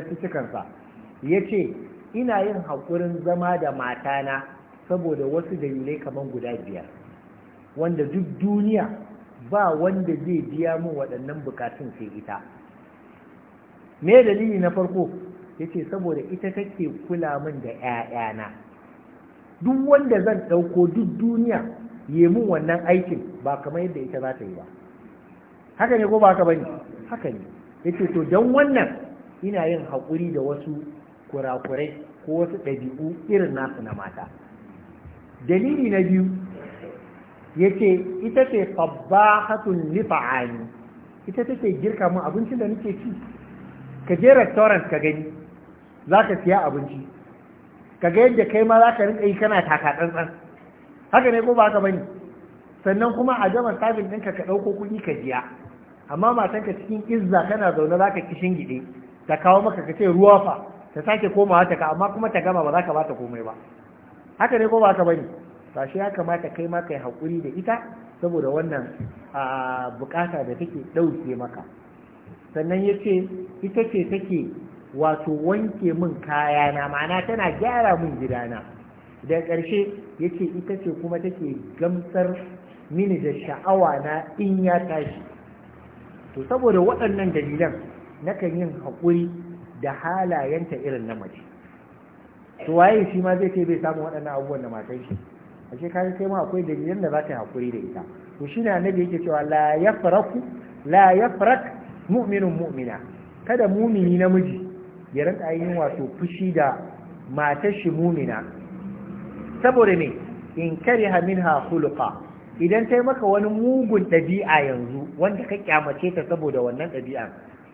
Ya ce, ina yin haƙurin zama da matana saboda wasu dalilai kamar guda biyar wanda duk duniya ba wanda zai biya min waɗannan bukatun sai ita me dalili na farko yace saboda ita take kula min da na, duk wanda zan ɗauko duk duniya ya mun wannan aikin ba kamar yadda ita za ta yi ba haka ne ko ba ka bane haka ne yace to dan wannan ina yin haƙuri da wasu kurakurai ko wasu ɗabi'u irin nasu na mata dalili na biyu yace ita ce sabbahatun lifa'ani ita take girka mun abincin da nake ci ka je restaurant ka gani za ka siya abinci Ka ga yadda kai ma za ka rinka yi kana taka tsantsan haka ne ko ba ka bani sannan kuma a gama sabin ɗinka ka ɗauko kuɗi ka biya amma matanka cikin izza kana zaune za ka kishin gide ta kawo maka ka ce ruwa fa ta sake komawa ta ka amma kuma ta gama ba za ka bata komai ba haka ne ko ba ka bani ba shi ya kamata kai ma kai haƙuri da ita saboda wannan bukata da take ɗauke maka sannan ya ce ita ce take wato wanke min kayana ma'ana tana gyara min gidana da ƙarshe yace ita ce kuma take gamsar mini da sha'awa na in ya tashi to saboda waɗannan dalilan nakan yin haƙuri da halayenta irin na mace to waye shi ma zai ce bai samu waɗannan abubuwan da matan shi a ce kai kai ma akwai dalilan da za ta haƙuri da ita to shi na annabi yake cewa la yafraku la yafrak mu'minun mu'mina kada mumini namiji ya rinka yin wato fushi da matar shi mumina saboda me in kariha minha khuluqa idan tai maka wani mugun ɗabi'a yanzu wanda ka kyamace ta saboda wannan ɗabi'a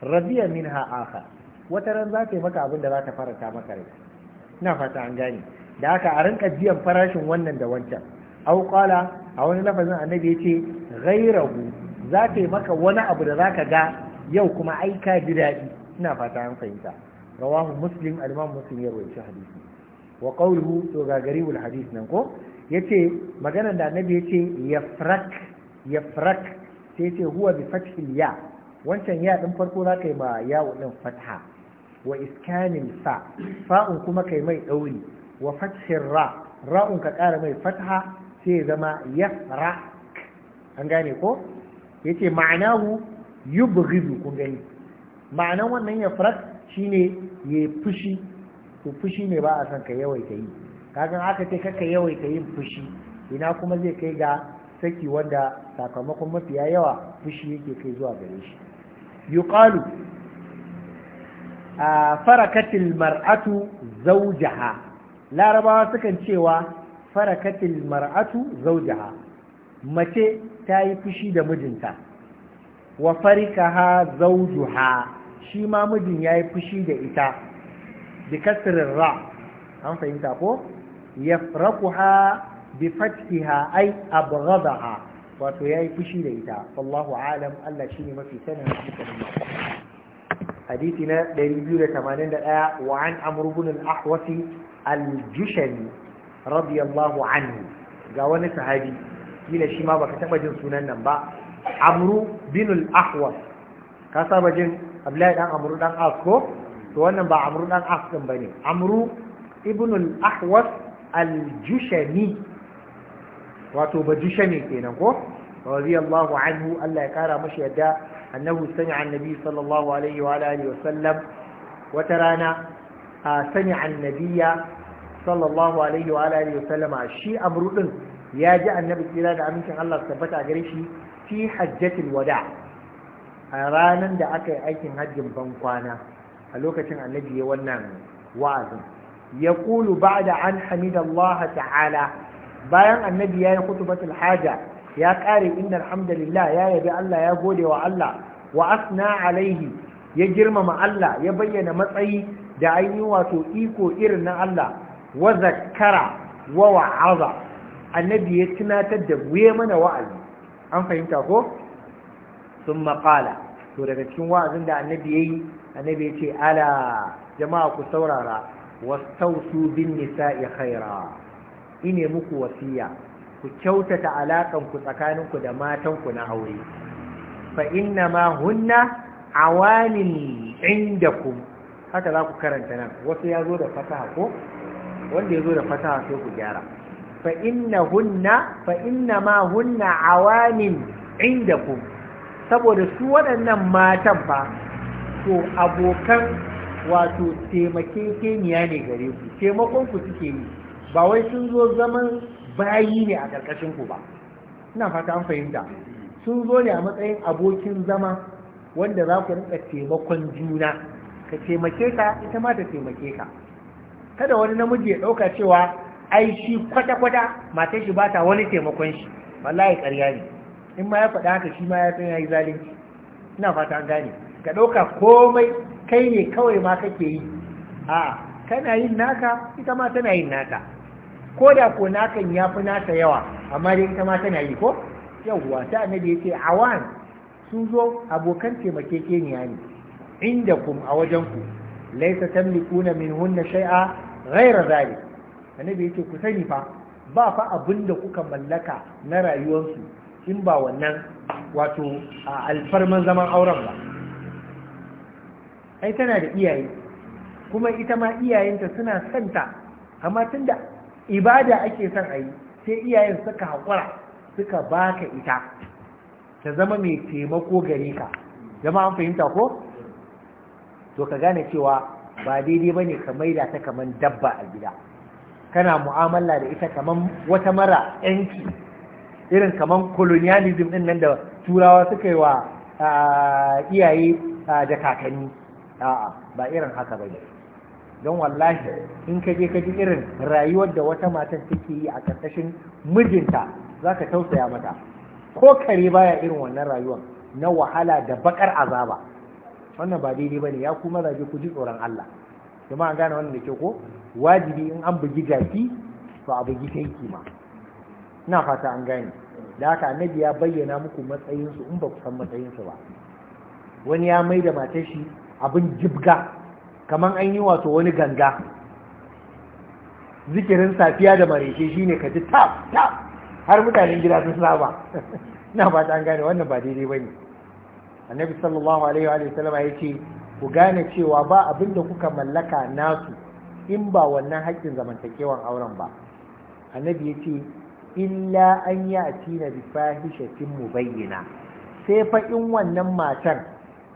radiya minha aka wata ran za ta yi maka abin da za ta faranta maka rai ina fata an gane da haka a rinka biyan farashin wannan da wancan au qala a wani lafazin annabi yace ghairahu za ta yi maka wani abu da zaka ga yau kuma ai ka ji daɗi ina fata an fahimta rawahu muslim al-imam muslim ya rawaita hadisi wa qawluhu to ga garibul nan ko yace maganar da annabi yace yafrak yafrak sai yace huwa bi fathil ya wancan ya din farko za kai ma yawo din fatha wa iskanin sa fa'un kuma kai mai dauri wa fathir ra ra'un ka kara mai fatha sai zama yafrak an gane ko yace ma'anahu yubghidu kun gani ma'anan wannan yafrak shine ya fushi to fushi ne ba a son ka yawaita yi Kakan aka ce kaka yawaita yin fushi ina kuma zai kai ga saki wanda sakamakon mafiya yawa fushi yake kai zuwa gare shi Yukalu a farakatil mar'atu zawjaha larabawa sukan cewa farakatil mar'atu zawjaha mace ta yi fushi da mijinta wa farikaha zawjuha shi mijin ya yi fushi da ita bi kasirin ra an fahimta ko ya ha, bi fatkiha ai ha. wato ya yi fushi da ita wallahu alam Allah shi ne mafi sanin Hadithi na 281 wa an amr ibn al al-jushani radiyallahu anhu ga wani sahabi kila shi ma baka taba jin sunan nan ba amru bin ahwas ka saba jin abdullahi dan amru dan as ko to wannan ba amru dan as din bane amru Ibnul ahwas al-jushani wato ba jushani kenan ko radiyallahu anhu Allah ya kara mashi yadda annahu sami'a annabi sallallahu alaihi wa alihi wa sallam wata rana sami'a annabiya sallallahu alaihi wa alihi wa sallama shi amru din ya ji annabi kira da amincin Allah tabbata gare shi fi hajjatul wada' a ranar da aka yi aikin hajjin ban kwana a lokacin annabi wannan wa'azin ya kulu da an Allah ta'ala bayan annabi ya yi kutubatul haja ya kare inda alhamdulillah ya yabi Allah ya gode wa Allah wa asna alaihi ya girmama Allah ya bayyana matsayi da ainihin wato iko irin na Allah wa zakkara wa wa'aza annabi ya tunatar da buye mana wa'azi an fahimta ko sun maƙala to daga cikin wa'azin da annabi yayi annabi yace ala jama'a ku saurara wastausu bin nisa'i khaira ine muku wasiya ku kyautata alaƙan ku tsakanin ku da matan ku na aure fa inna ma hunna awanin indakum haka za ku karanta nan wasu ya zo da fasaha ko wanda ya zo da fasaha sai ku gyara fa inna hunna fa inna ma hunna awanin indakum saboda su waɗannan matan fa to abokan wato taimakekeniya ne gare ku taimakon ku suke yi ba wai sun zo zaman bayi ne a ƙarƙashin ku ba ina fata an fahimta sun zo ne a matsayin abokin zama wanda za ku rinka taimakon juna ka taimake ka ita ma ta taimake ka kada wani namiji ya ɗauka cewa ai shi kwata-kwata matar ba ta wani taimakon shi wallahi ƙarya ne in ma ya faɗa haka shi ma ya san yayi zalunci ina fata an gane ka ɗauka komai kai ne kawai ma kake yi a kana yin naka ita ma tana yin naka ko da ko nakan ya fi nata yawa amma dai ita ma tana yi ko yawwa ta annabi yace awan sun zo abokan taimakekeniya ne inda kum a wajen ku laisa tamlikuna min hunna shay'a ghaira zalik annabi yace ku sani fa ba fa abin da kuka mallaka na rayuwarsu in ba wannan wato a alfarman zaman auren ba ai tana da iyaye kuma ita ma iyayenta suna santa amma tunda ibada ake son a yi sai iyayen suka haƙura suka baka ita ta zama mai taimako gare ka zama an fahimta ko to ka gane cewa ba daidai ba ne ka maida ta kaman dabba a gida kana mu'amala da ita kaman wata mara yanki irin kamar colonialism ɗin nan da turawa suka yi wa iyaye da kakanni a'a ba irin haka ba don wallahi in ka je ka ji irin rayuwar da wata matar take yi a ƙarƙashin mijinta za ka tausaya mata ko kare baya irin wannan rayuwar na wahala da bakar azaba wannan ba daidai ba ne ya kuma zaje ku ji tsoron Allah jama'a gane wannan da ke ko wajibi in an bugi jafi to a bugi kai ma ina fata an gane da haka annabi ya bayyana muku matsayinsu in ba ku san matsayinsu ba wani ya mai da matar shi abin jibga kamar an yi wato wani ganga zikirin safiya da marece shine ka ji tap tap har mutanen gida sun saba ina ba ta gane wannan ba daidai bane annabi sallallahu alaihi wa sallama ya ce ku gane cewa ba abin da kuka mallaka nasu in ba wannan haƙƙin zamantakewan auren ba annabi ce. illa an yi a tina bi fahishatin mu bayyana sai fa in wannan matar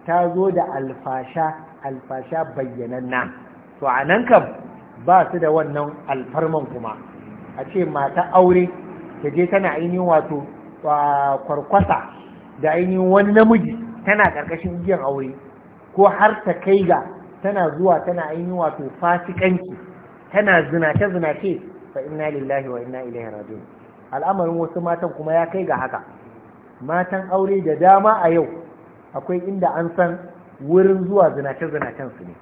ta zo da alfasha alfasha bayyananna to a nan kam ba su da wannan alfarman kuma a ce mata aure ta je tana ainihin wato kwarkwasa da ainihin wani namiji tana ƙarƙashin giyan aure ko har ta kai ga tana zuwa tana ainihin wato fasikanci tana zinace-zinace fa inna lillahi wa inna ilaihi raji'un al'amarin wasu matan kuma ya kai ga haka matan aure da dama a yau akwai inda an san wurin zuwa zinace-zinacen su ne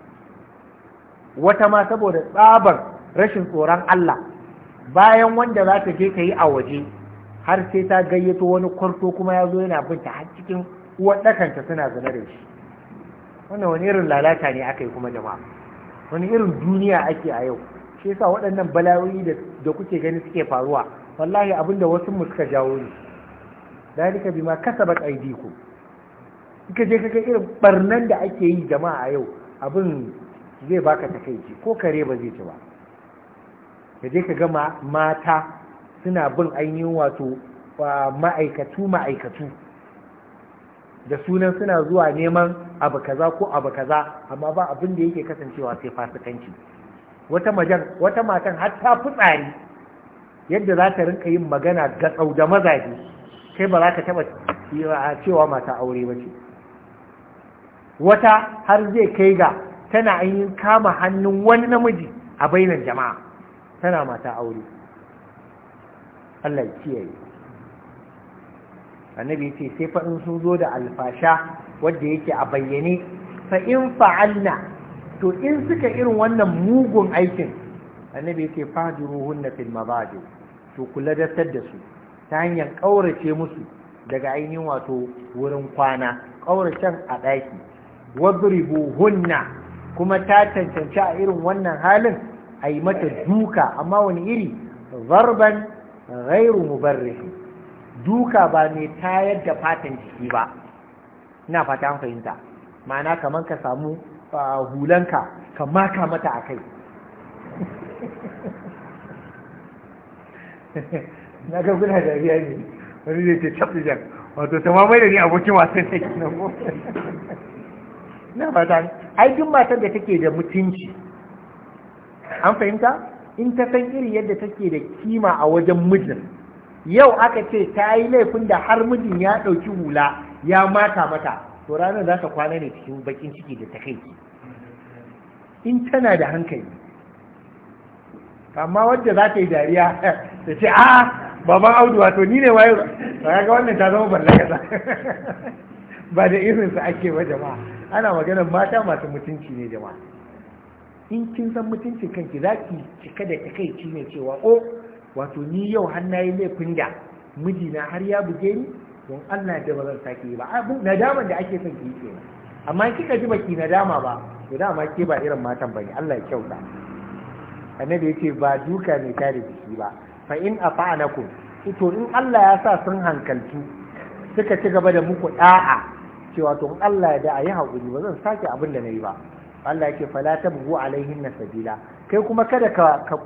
wata ma saboda tsabar rashin tsoron Allah bayan wanda za ta je ta yi a waje har sai ta gayyato wani kwarto kuma ya zo yana binta har cikin uwarɗakanta suna zina da shi wannan wani irin lalata ne aka yi kuma jama'a wani irin duniya ake a yau shi yasa waɗannan bala'o'i da kuke gani suke faruwa wallahi abinda wasu mu suka jawo ne dalika bima kasabat aidiku kika je kake irin barnan da ake yi jama'a a yau abin zai baka takeici ko kare ba zai ci ba ka je ka gama mata suna bin ainihin wato ma'aikatu ma'aikatu da sunan suna zuwa neman abu kaza ko abu kaza amma ba abin da yake kasancewa sai fasikanci wata majan wata matan har ta fitsari yadda za ta rinka yin magana ga tsau da mazaje kai ba za ka taba cewa mata aure ba ce wata har zai kai ga tana ainihin kama hannun wani namiji a bainar jama'a tana mata aure Allah ya kiyaye annabi ce sai fa in sun zo da alfasha wanda yake a bayyane fa in fa'alna to in suka irin wannan mugun aikin annabi yake fajiruhunna fil mabadi' to kula ladabtar da su ta hanyar ƙaurace musu daga ainihin wato wurin kwana ƙauracen a ɗaki wadribu hunna kuma ta cancanci a irin wannan halin a yi mata duka amma wani iri zarban ghairu mubarrihi duka ba mai tayar da fatan jiki ba ina fata an fahimta ma'ana kamar ka samu ah, hulanka ka maka mata a kai <laughs> <laughs> na ga kuna dariya ne wani zai ce cap jan wato ta mamai da ni abokin wasan ne kenan ko
<laughs>
na fata ai duk matan da take da mutunci an fahimta in ta san iri yadda take da kima a wajen mijin yau aka ce ta yi laifin da har mijin ya ɗauki hula ya mata mata to ranar za ta kwana ne cikin bakin ciki da ta kai in tana da hankali amma wadda za ta yi dariya ta ce a ah, baban audu wato ni ne wayo ba ga wannan ta zama balle kasa ba da irin su ake ba jama'a ana magana mata masu mutunci ne jama'a in kin san mutuncin kanki za ki cika da takaici ne cewa o wato ni yau har nayi laifin da mijina har ya buge ni don Allah da ba zan sake yi ba nadaman da ake son ki yi amma kika ji baki nadama ba to dama ke ba irin matan bane Allah ya kyauta annabi yace ba duka ne tare da shi ba fa in afa'anakum to in Allah ya sa sun hankaltu suka ci gaba da muku da'a cewa to Allah ya da ayi hakuri ba zan sake abin da na yi ba Allah yake fala tabgu alaihin sabila kai kuma kada ka ka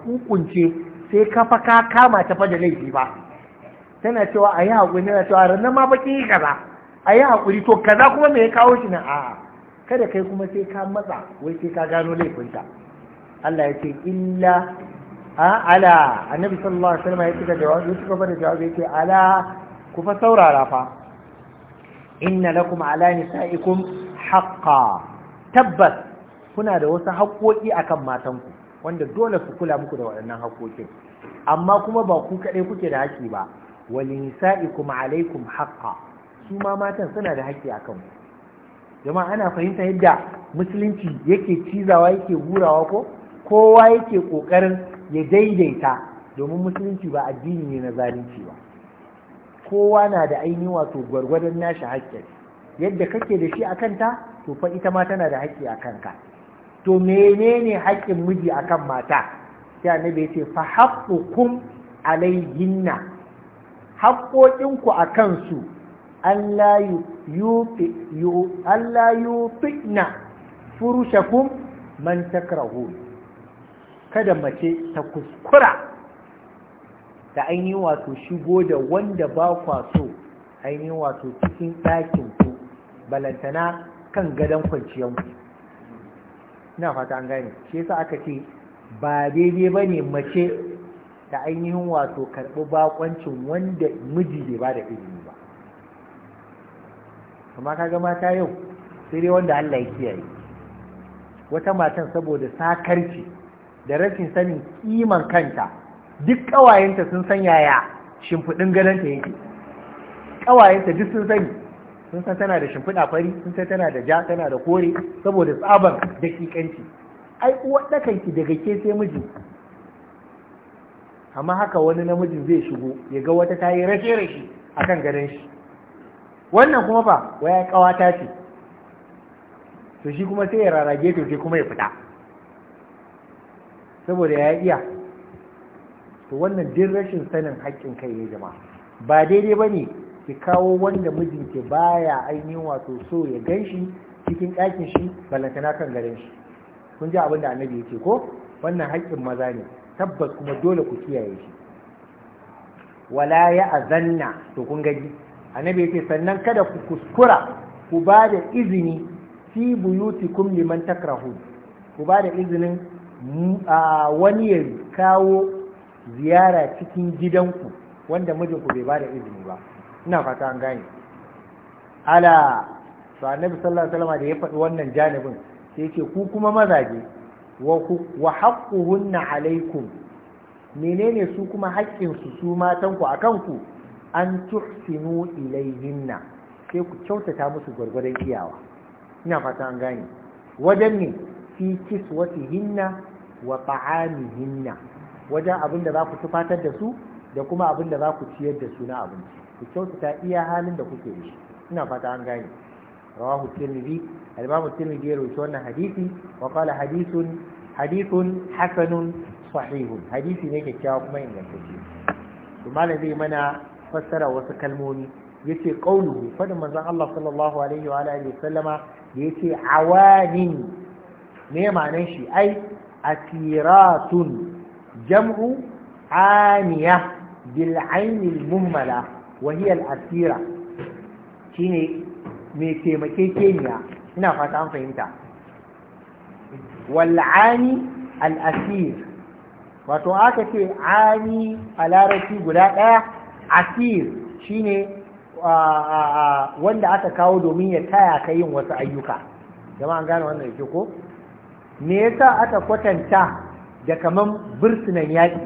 sai ka fa ka kama ta fa da laifi ba tana cewa ayi hakuri tana cewa ran ma baki kaza yi hakuri to kaza kuma me ya kawo shi nan a'a kada kai kuma sai ka matsa wai sai ka gano laifinta Allah ya ce illa ala annabi sallallahu alaihi wasallam ya cika jawabi ya cika bada jawabi yake ala ku fa saurara fa inna lakum ala nisaikum haqqa tabbas kuna da wasu haƙoƙi akan matanku wanda dole su kula muku da waɗannan haƙoƙin amma kuma ba ku kaɗai kuke da haƙƙi ba nisaikum alaikum haqqa su ma matan suna da haƙƙi akan ku jama'a ana fahimta yadda musulunci yake cizawa yake hurawa ko kowa yake ƙoƙarin ya daidaita domin musulunci ba addini ne na zalunci ba kowa na da aini wato gwargwadon nashi haƙƙin yadda kake da shi a kanta to fa ita ma tana da haƙƙi a kanka to menene haƙƙin miji akan mata sai annabi ya ce fa haqqukum alayhinna haƙoƙinku a kansu Allah yufina furushakum man takrahun kada mace ta kuskura da ainihin wato shigo da wanda ba kwa so ainihin wato cikin ɗakin ku balantana kan gadon kwanciyar ku ina fata an gane shi yasa aka ce ba daidai ba ne mace ta ainihin wato karɓi bakoncin wanda miji bai ba da izini ba amma kaga mata yau sai dai wanda Allah ya kiyaye wata matan saboda sakarci da rashin sanin kiman kanta duk ƙawayenta sun san yaya shimfiɗin gananta yake ƙawayenta duk sun sani sun san tana da shimfiɗa fari sun san tana da ja tana da kore saboda tsaban dakikanci ai uwaɗakanki daga ke sai miji amma haka wani namijin zai shigo ya ga wata ta yi rashe-rashe a kan gadon shi wannan kuma fa waya ƙawata ce to shi kuma sai ya rarage to sai kuma ya fita saboda ya iya to wannan din rashin sanin haƙƙin kai ne jama'a ba daidai ba ne ki kawo wanda ke baya ainihin wato so ya gan shi cikin ɗakin shi ballantana kan garin shi kun ji abin da annabi ya ce ko wannan haƙƙin maza ne tabbas kuma dole ku kiyaye shi wala ya azanna to kun gaji annabi ya sannan kada ku kuskura ku ba da izini fi buyutikum liman takrahu ku ba da izinin A wani ya kawo ziyara cikin gidanku wanda mijinku bai ba da izini ba ina fata an gane ala to annabi sallallahu alaihi wasallam da ya faɗi wannan janibin sai yake ku kuma mazaje wa haqquhunna alaikum menene su kuma haƙƙin su su matan ku akan ku an tuhsinu ilayhinna sai ku kyautata musu gwargwadon iyawa ina fata an gane wajen ne fi kiswatihinna wa ta'amihinna wajen abin da za ku tufatar da su da kuma abin da za ku ciyar da su na abinci ku kyautata iya halin da kuke da shi ina fata an gane rawahu tirmidhi al-imam tirmidhi ya rawaito wannan hadisi wa qala hadithun hadithun hasanun sahihun hadisi ne kyakkyawa kuma ingantacce to malam zai mana fassara wasu kalmomi yace qauluhu fadin manzon Allah sallallahu alaihi wa alihi wasallama yace awanin me ma'anar shi ai asiratun jam'u aniya bil ainil mummala wa hiya al asira shine mai taimakekeniya ina fata an fahimta wal ani wato aka ce ani a larabci guda ɗaya asir shine wanda aka kawo domin ya taya ka yin wasu ayyuka jama'a an gane wannan yake ko me yasa aka kwatanta da kaman birtsunan yaƙi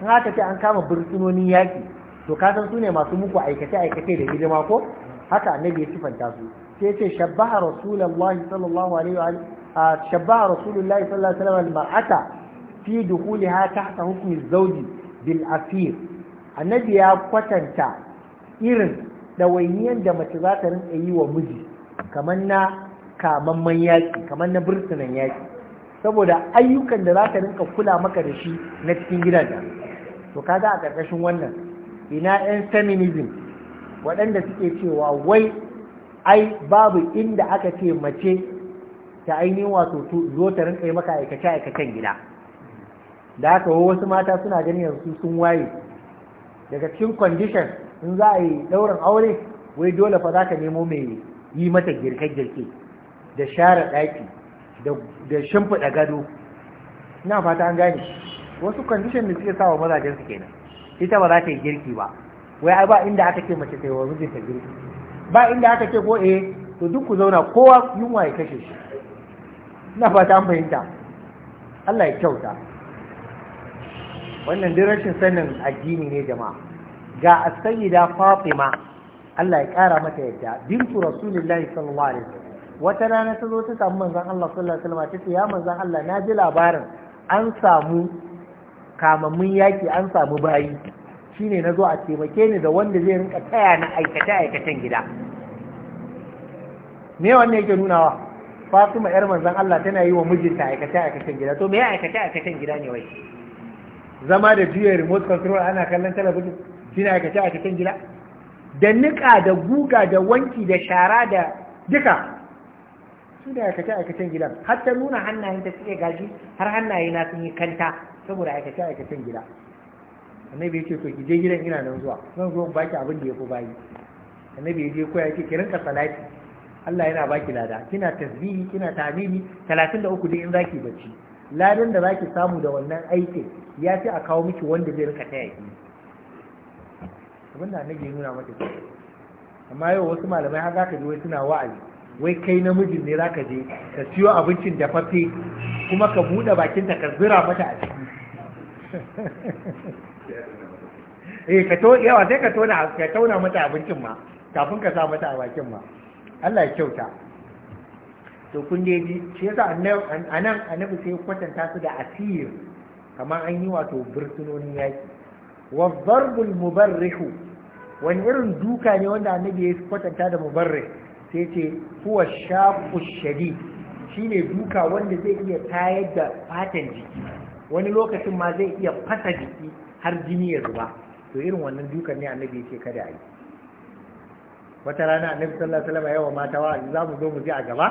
in aka ce an kama bursunonin yaƙi to ka san su ne masu muku aikace aikace da hidima ko haka annabi ya sifanta su sai ce shabbaha rasulullahi sallallahu alaihi wa shabbaha rasulullahi sallallahu alaihi wa sallam mar'ata fi dukhuliha tahta hukmi zawji bil asir annabi ya kwatanta irin ɗawainiyar da mace za ta rinka yi wa miji kamar na kamamman yaƙi kamar na birtsunan yaƙi saboda ayyukan da za ka rinka kula maka da shi na cikin gidaje to kaga a ƙarƙashin wannan ina 'yan feminism waɗanda suke cewa wai ai babu inda aka ce mace ta ainihin wato zo ta rinka yi maka aikace aikacen gida da haka wasu mata suna ganin yanzu sun waye daga cikin condition in za a yi ɗaurin aure wai dole fa za ka nemo mai yi mata girke-girke da share ɗaki da shimfiɗa gado na fata an gane wasu condition da suke sawa mazajen su kenan ita ba za ta yi girki ba wai ai ba inda aka ce mace ta yi ta girki ba inda aka ce ko eh to duk ku zauna kowa yunwa ya kashe shi na fata an fahimta Allah ya kyauta wannan duk rashin sanin addini ne jama'a ga as-sayyida Fatima Allah ya kara mata yadda bintu Rasulullahi sallallahu alaihi wasallam wata rana ta zo ta samu manzan Allah sallallahu alaihi wasallam ta ce ya manzan Allah na ji labarin an samu kamammun yaki an samu bayi shine na zo a taimake ni da wanda zai rinka taya na aikata aikatan gida me wannan yake nunawa Fatima yar manzan Allah tana yi wa mijinta aikata aikatan gida to me ya aikace aikacen gida ne wai zama da juya remote control ana kallon talabijin shine aikata aikatan gida da niƙa da guga da wanki da shara da duka su da aikace aikacen gidan har ta nuna hannayen ta suke gaji, har hannaye na sun yi kanta saboda aikace aikacen gida annabi ya ce to ki je gidan ina nan zuwa zan zo in baki abin da ya fi bayi annabi ya je koya ya ce ki rinka salati Allah yana baki lada kina tasbihi kina tahmidi 33 din in zaki bacci ladan da zaki samu da wannan aiki ya fi a kawo miki wanda zai rinka taya ki abin da annabi ya nuna mata amma yau wasu malamai har zaka ji wai suna wa'azi wai kai namijin ne zaka je ka siyo abincin dafaffe kuma ka buɗe bakinta ka zira mata a ciki
<laughs>
eh ka to yawa sai ka na ka tauna mata abincin ma kafin ka sa mata a bakin ma Allah ya kyauta to kun dai ji shi yasa annan annabi sai kwatanta su da asir kamar an yi wato burtunonin yaki wa darbul mubarrihu wani irin duka ne wanda annabi ya kwatanta da mubarrih sai ce shafu shari shi ne duka wanda zai iya tayar da fatan jiki wani lokacin ma zai iya fasa jiki har jini ya zuba to irin wannan dukan ne annabi ce kada a yi wata rana annabi sallallahu alaihi wasallam yawa matawa a za mu zo mu ji a gaba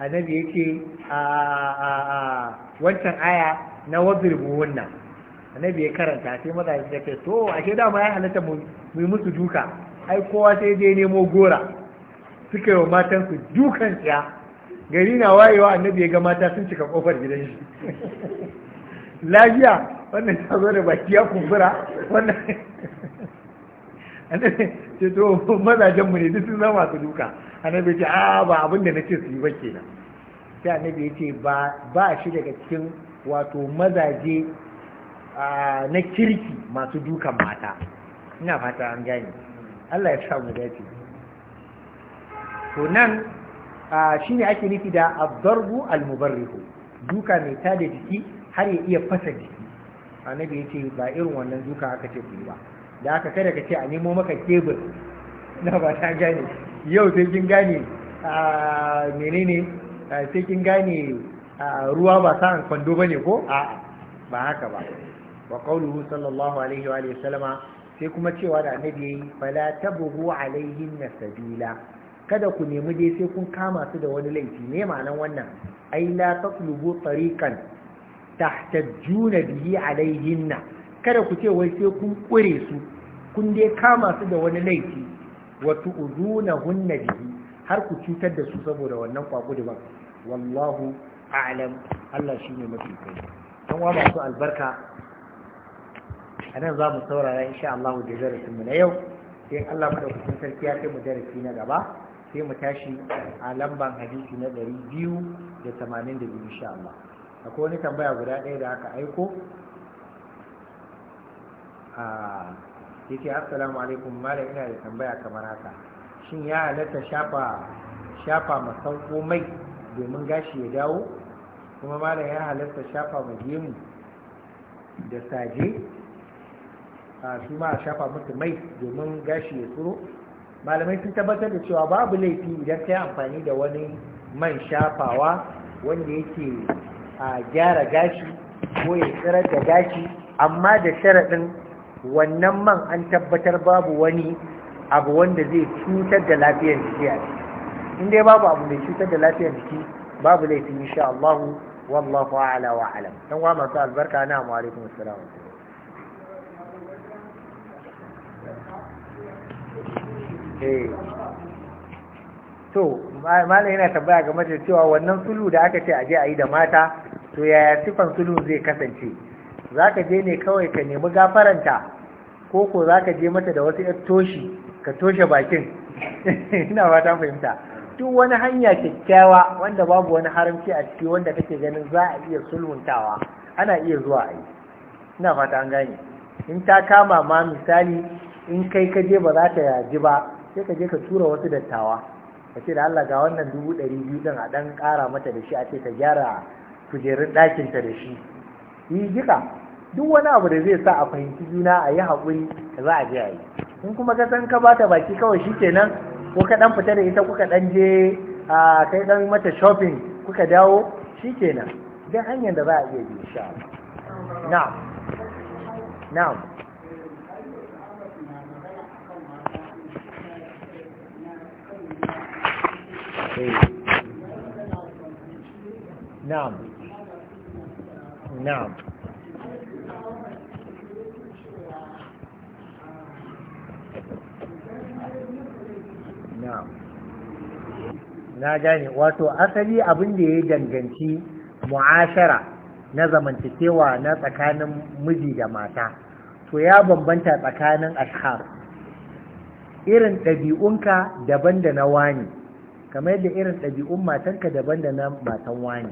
annabi yake a a a wancan aya na wazirbu wannan annabi ya karanta sai maza ya ce to ashe dama ya halatta mu yi musu duka ai kowa sai dai nemo gora suka yi wa matansu dukan tsaya gari na wayewa annabi ya ga mata sun cika kofar gidan shi <laughs> lafiya wannan ta zo da baki ya kumbura wannan <laughs> annabi ce to mazajen mu ne duk sun zama su duka annabi ce a ba abin da ce su yi ba kenan sai annabi ya ce ba ba shi daga cikin wato mazaje na kirki masu dukan mata ina fata an gane Allah ya sa mu dace to nan ne ake nufi da abdarbu almubarrihu duka mai tada jiki har ya iya fasa jiki annabi ce ba irin wannan duka aka ce ku yi ba da aka kada ka ce a nemo maka kebur na ba ta gane yau sai kin gane menene sai kin gane ruwa ba sa'an kwando ba ne ko a'a ba haka ba wa qawluhu sallallahu alaihi wa sallama sai kuma cewa da annabi yayi fala tabghu alaihin sabila kada ku nemi dai sai kun kama su da wani laifi ne ma'anan wannan ai la taslubu tariqan tahtajuna bihi alaihinna kada ku ce wai sai kun kure su kun dai kama su da wani laifi wa tu'zunahunna bihi har ku cutar da su saboda wannan ba wallahu a'lam Allah shine mafi kai dan wa masu albarka anan za mu saurara insha Allah da darasin mu na yau sai Allah madaukakin sarki ya kai mu darasi na gaba sai mu tashi a lamban hadisi na ɗari biyu da tamanin da biyu insha Allah akwai wani tambaya guda ɗaya da aka aiko ya ce assalamu alaikum malam ina da tambaya kamar haka shin ya halatta shafa shafa masauko mai domin gashi ya dawo kuma malam ya halatta shafa ma gemu da saje a su ma shafa mutu mai domin gashi ya tsoro malamai sun tabbatar da cewa babu laifi idan ka yi amfani da wani man shafawa wanda yake a gyara gashi ko ya tsira da gashi amma da sharaɗin wannan man an tabbatar babu wani abu wanda zai cutar da lafiyar jiki a ciki in dai babu abu mai cutar da lafiyar jiki babu laifi insha Allah wallahu a'ala wa alam dan wa masu albarka na mu alaikum assalam Eh. to malam yana tambaya ga da cewa wannan sulhu da aka ce a je a yi da mata to yaya sifan sulhu zai kasance za ka je ne kawai ka nemi gafaranta ko ko za ka je mata da wasu yar toshi ka toshe bakin <laughs> ina ba fahimta duk wani hanya kyakkyawa wanda babu wani haramci a ciki wanda kake ganin za a iya sulhuntawa ana iya zuwa a yi ina fata an gane in ta kama ma misali in kai ka je ba za ta yaji ba sai ka je ka tura wasu dattawa ka ce da Allah ga wannan dubu ɗari biyu ɗin a ɗan ƙara mata da shi a ce ka gyara kujerun ɗakinta da shi yi jika duk wani abu da zai sa a fahimci juna a yi haƙuri da za a je a yi in kuma ka san ka bata baki kawai shi kenan ko ka ɗan fita da ita kuka ɗan je a kai ɗan mata shopping kuka dawo shi kenan don hanyar da za a iya bi insha Allah na'am na'am na gane wato asali abin da ya danganci mu'ashara na zamantakewa na tsakanin miji da mata to ya bambanta tsakanin ashar irin ɗabi'unka daban da na wani kamar yadda irin ɗabi'un matanka daban da na matan wani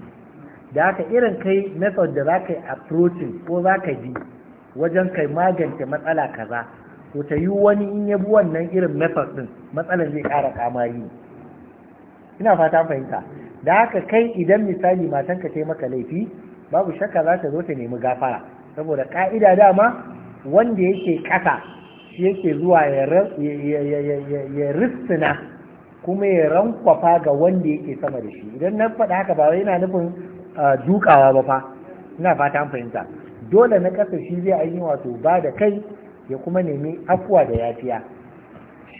da haka irin kai method da za ka yi approaching ko za ka bi wajen kai magance matsala kaza ko ta yi wani in ya bi wannan irin method din matsalar zai ƙara kamari ina fata fahimta da haka kai idan misali matanka ta yi maka laifi babu shakka za ta zo ta nemi gafara saboda ka'ida dama wanda yake ƙasa shi yake zuwa ya rissina kuma ya rankwafa ga wanda yake sama da shi idan na faɗa haka ba yana nufin ah, dukawa ba fa ina fata an fahimta dole na kasa shi zai ainihin wato ba da kai ya kuma nemi afuwa da yafiya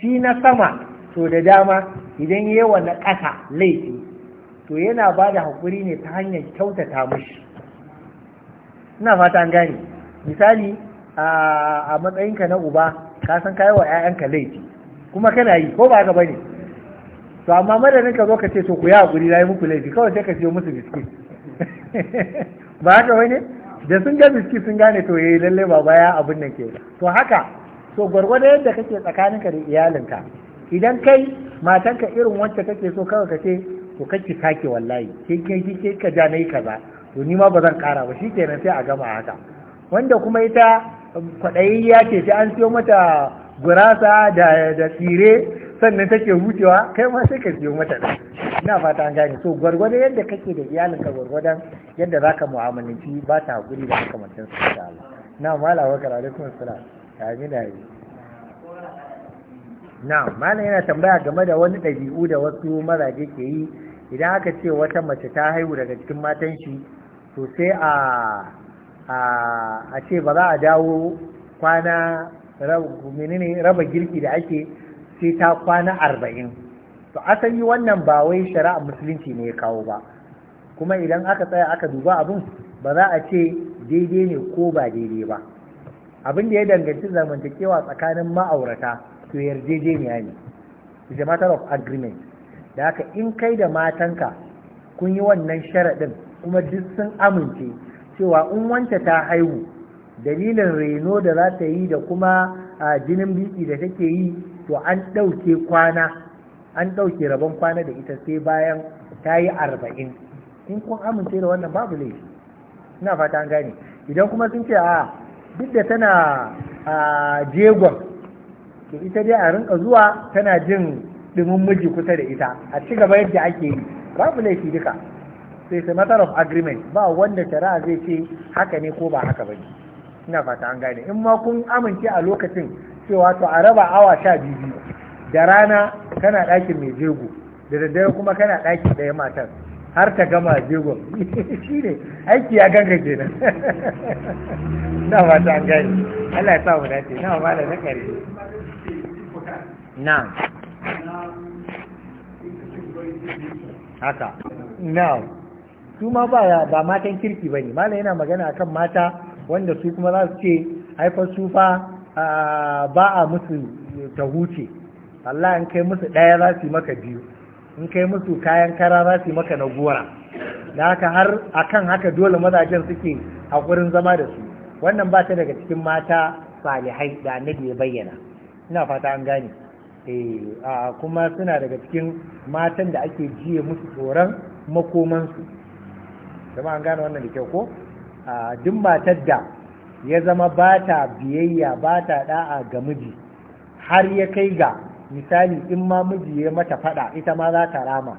shi na sama to da dama idan yawa na ƙasa laifi to yana ba da haƙuri ne ta hanyar kyautata mashi ina fata an gane misali ah, a matsayinka na uba ka san kayi wa 'ya'yanka laifi kuma kana yi ko ba ka bane to amma madadin ka zo ka ce to ku yi hakuri na yi muku laifi kawai sai ka siyo musu biskit <laughs> ba haka wani da sun ga biskit sun gane to yayi eh, lalle ba baya abin nan ke to haka to gwargwado yadda kake tsakaninka da iyalinka idan kai matanka irin wacce kake so kawai ka ce to kake sake wallahi ke ke ke ka ja nayi kaza to ni ma ba zan kara ba shi kenan sai a gama haka wanda kuma ita kwaɗayi ya ce sai an siyo mata gurasa da da tsire sannan take wucewa kai ma sai ka siyo mata da ina fata an gane so gwargwadon yadda kake da iyalinka gwargwadon yadda zaka mu'amalanci ba ta hakuri da mutum su ta Allah na mala wa alaikum assalam amin da yi na mala yana tambaya game da wani ɗabi'u da wasu marage ke yi idan aka ce wata mace ta haihu daga cikin matan shi to sai a a ce ba za a dawo kwana menene raba girki da ake sai ta kwana arba'in to asali wannan ba wai shari'a musulunci ne ya kawo ba kuma idan aka tsaya aka duba abin ba za a ce daidai ne ko ba daidai ba abin da ya danganci zamantakewa tsakanin ma'aurata to yarjejeniya ne is a matter of agreement da haka in kai da matanka kun yi wannan sharaɗin kuma duk sun amince cewa in wance ta haihu dalilin reno da za ta yi da kuma ah, jinin biki da take yi to an ɗauke kwana an ɗauke rabon kwana da ita sai bayan ta yi arba'in in kun amince da wannan babu laifi ina fata an gane idan kuma sun ce a duk da tana a jegon to ita dai a rinka zuwa tana jin ɗumin miji kusa da ita a ci gaba yadda ake yi babu laifi duka sai sai matter of agreement ba wanda shari'a zai ce haka ne ko ba haka ba ne ina fata an gane in ma kun amince a lokacin cewa to a raba awa sha biyu da rana kana ɗakin mai jego da daddare kuma kana ɗakin ɗaya matan har ta gama jego <laughs> shi ne aiki ya ganga kenan <laughs> na mata an gani Allah ya sa mu dace na mala na kare na haka na su ma ba ba matan kirki ne. mala yana magana akan mata wanda su kuma za su ce haifar su fa ba a musu ta huce Allah in kai musu ɗaya za su maka biyu in kai musu kayan kara za su yi maka na gora da haka har akan haka dole mazajen suke haƙurin zama da su wannan ba ta daga cikin mata salihai da annabi ya bayyana ina fata an gane eh, kuma suna daga cikin matan da ake jiye musu tsoron makomansu jama an gane wannan da kyau ko duk matar da ya zama ba ta biyayya ba ta da'a ga miji har ya kai ga misali in ma miji ya mata fada ita ma za ta rama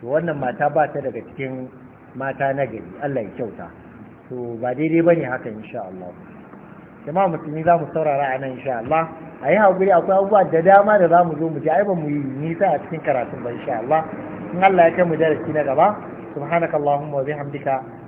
to wannan mata ba ta daga cikin mata na gari Allah ya kyauta to ba daidai bane haka insha Allah jama'a musulmi za mu saurara a nan insha Allah a yi haƙuri akwai abubuwa da dama da za mu zo mu ji ai ba mu yi nisa a cikin karatun ba insha Allah in Allah ya kai mu darasi na gaba subhanakallahumma wa bihamdika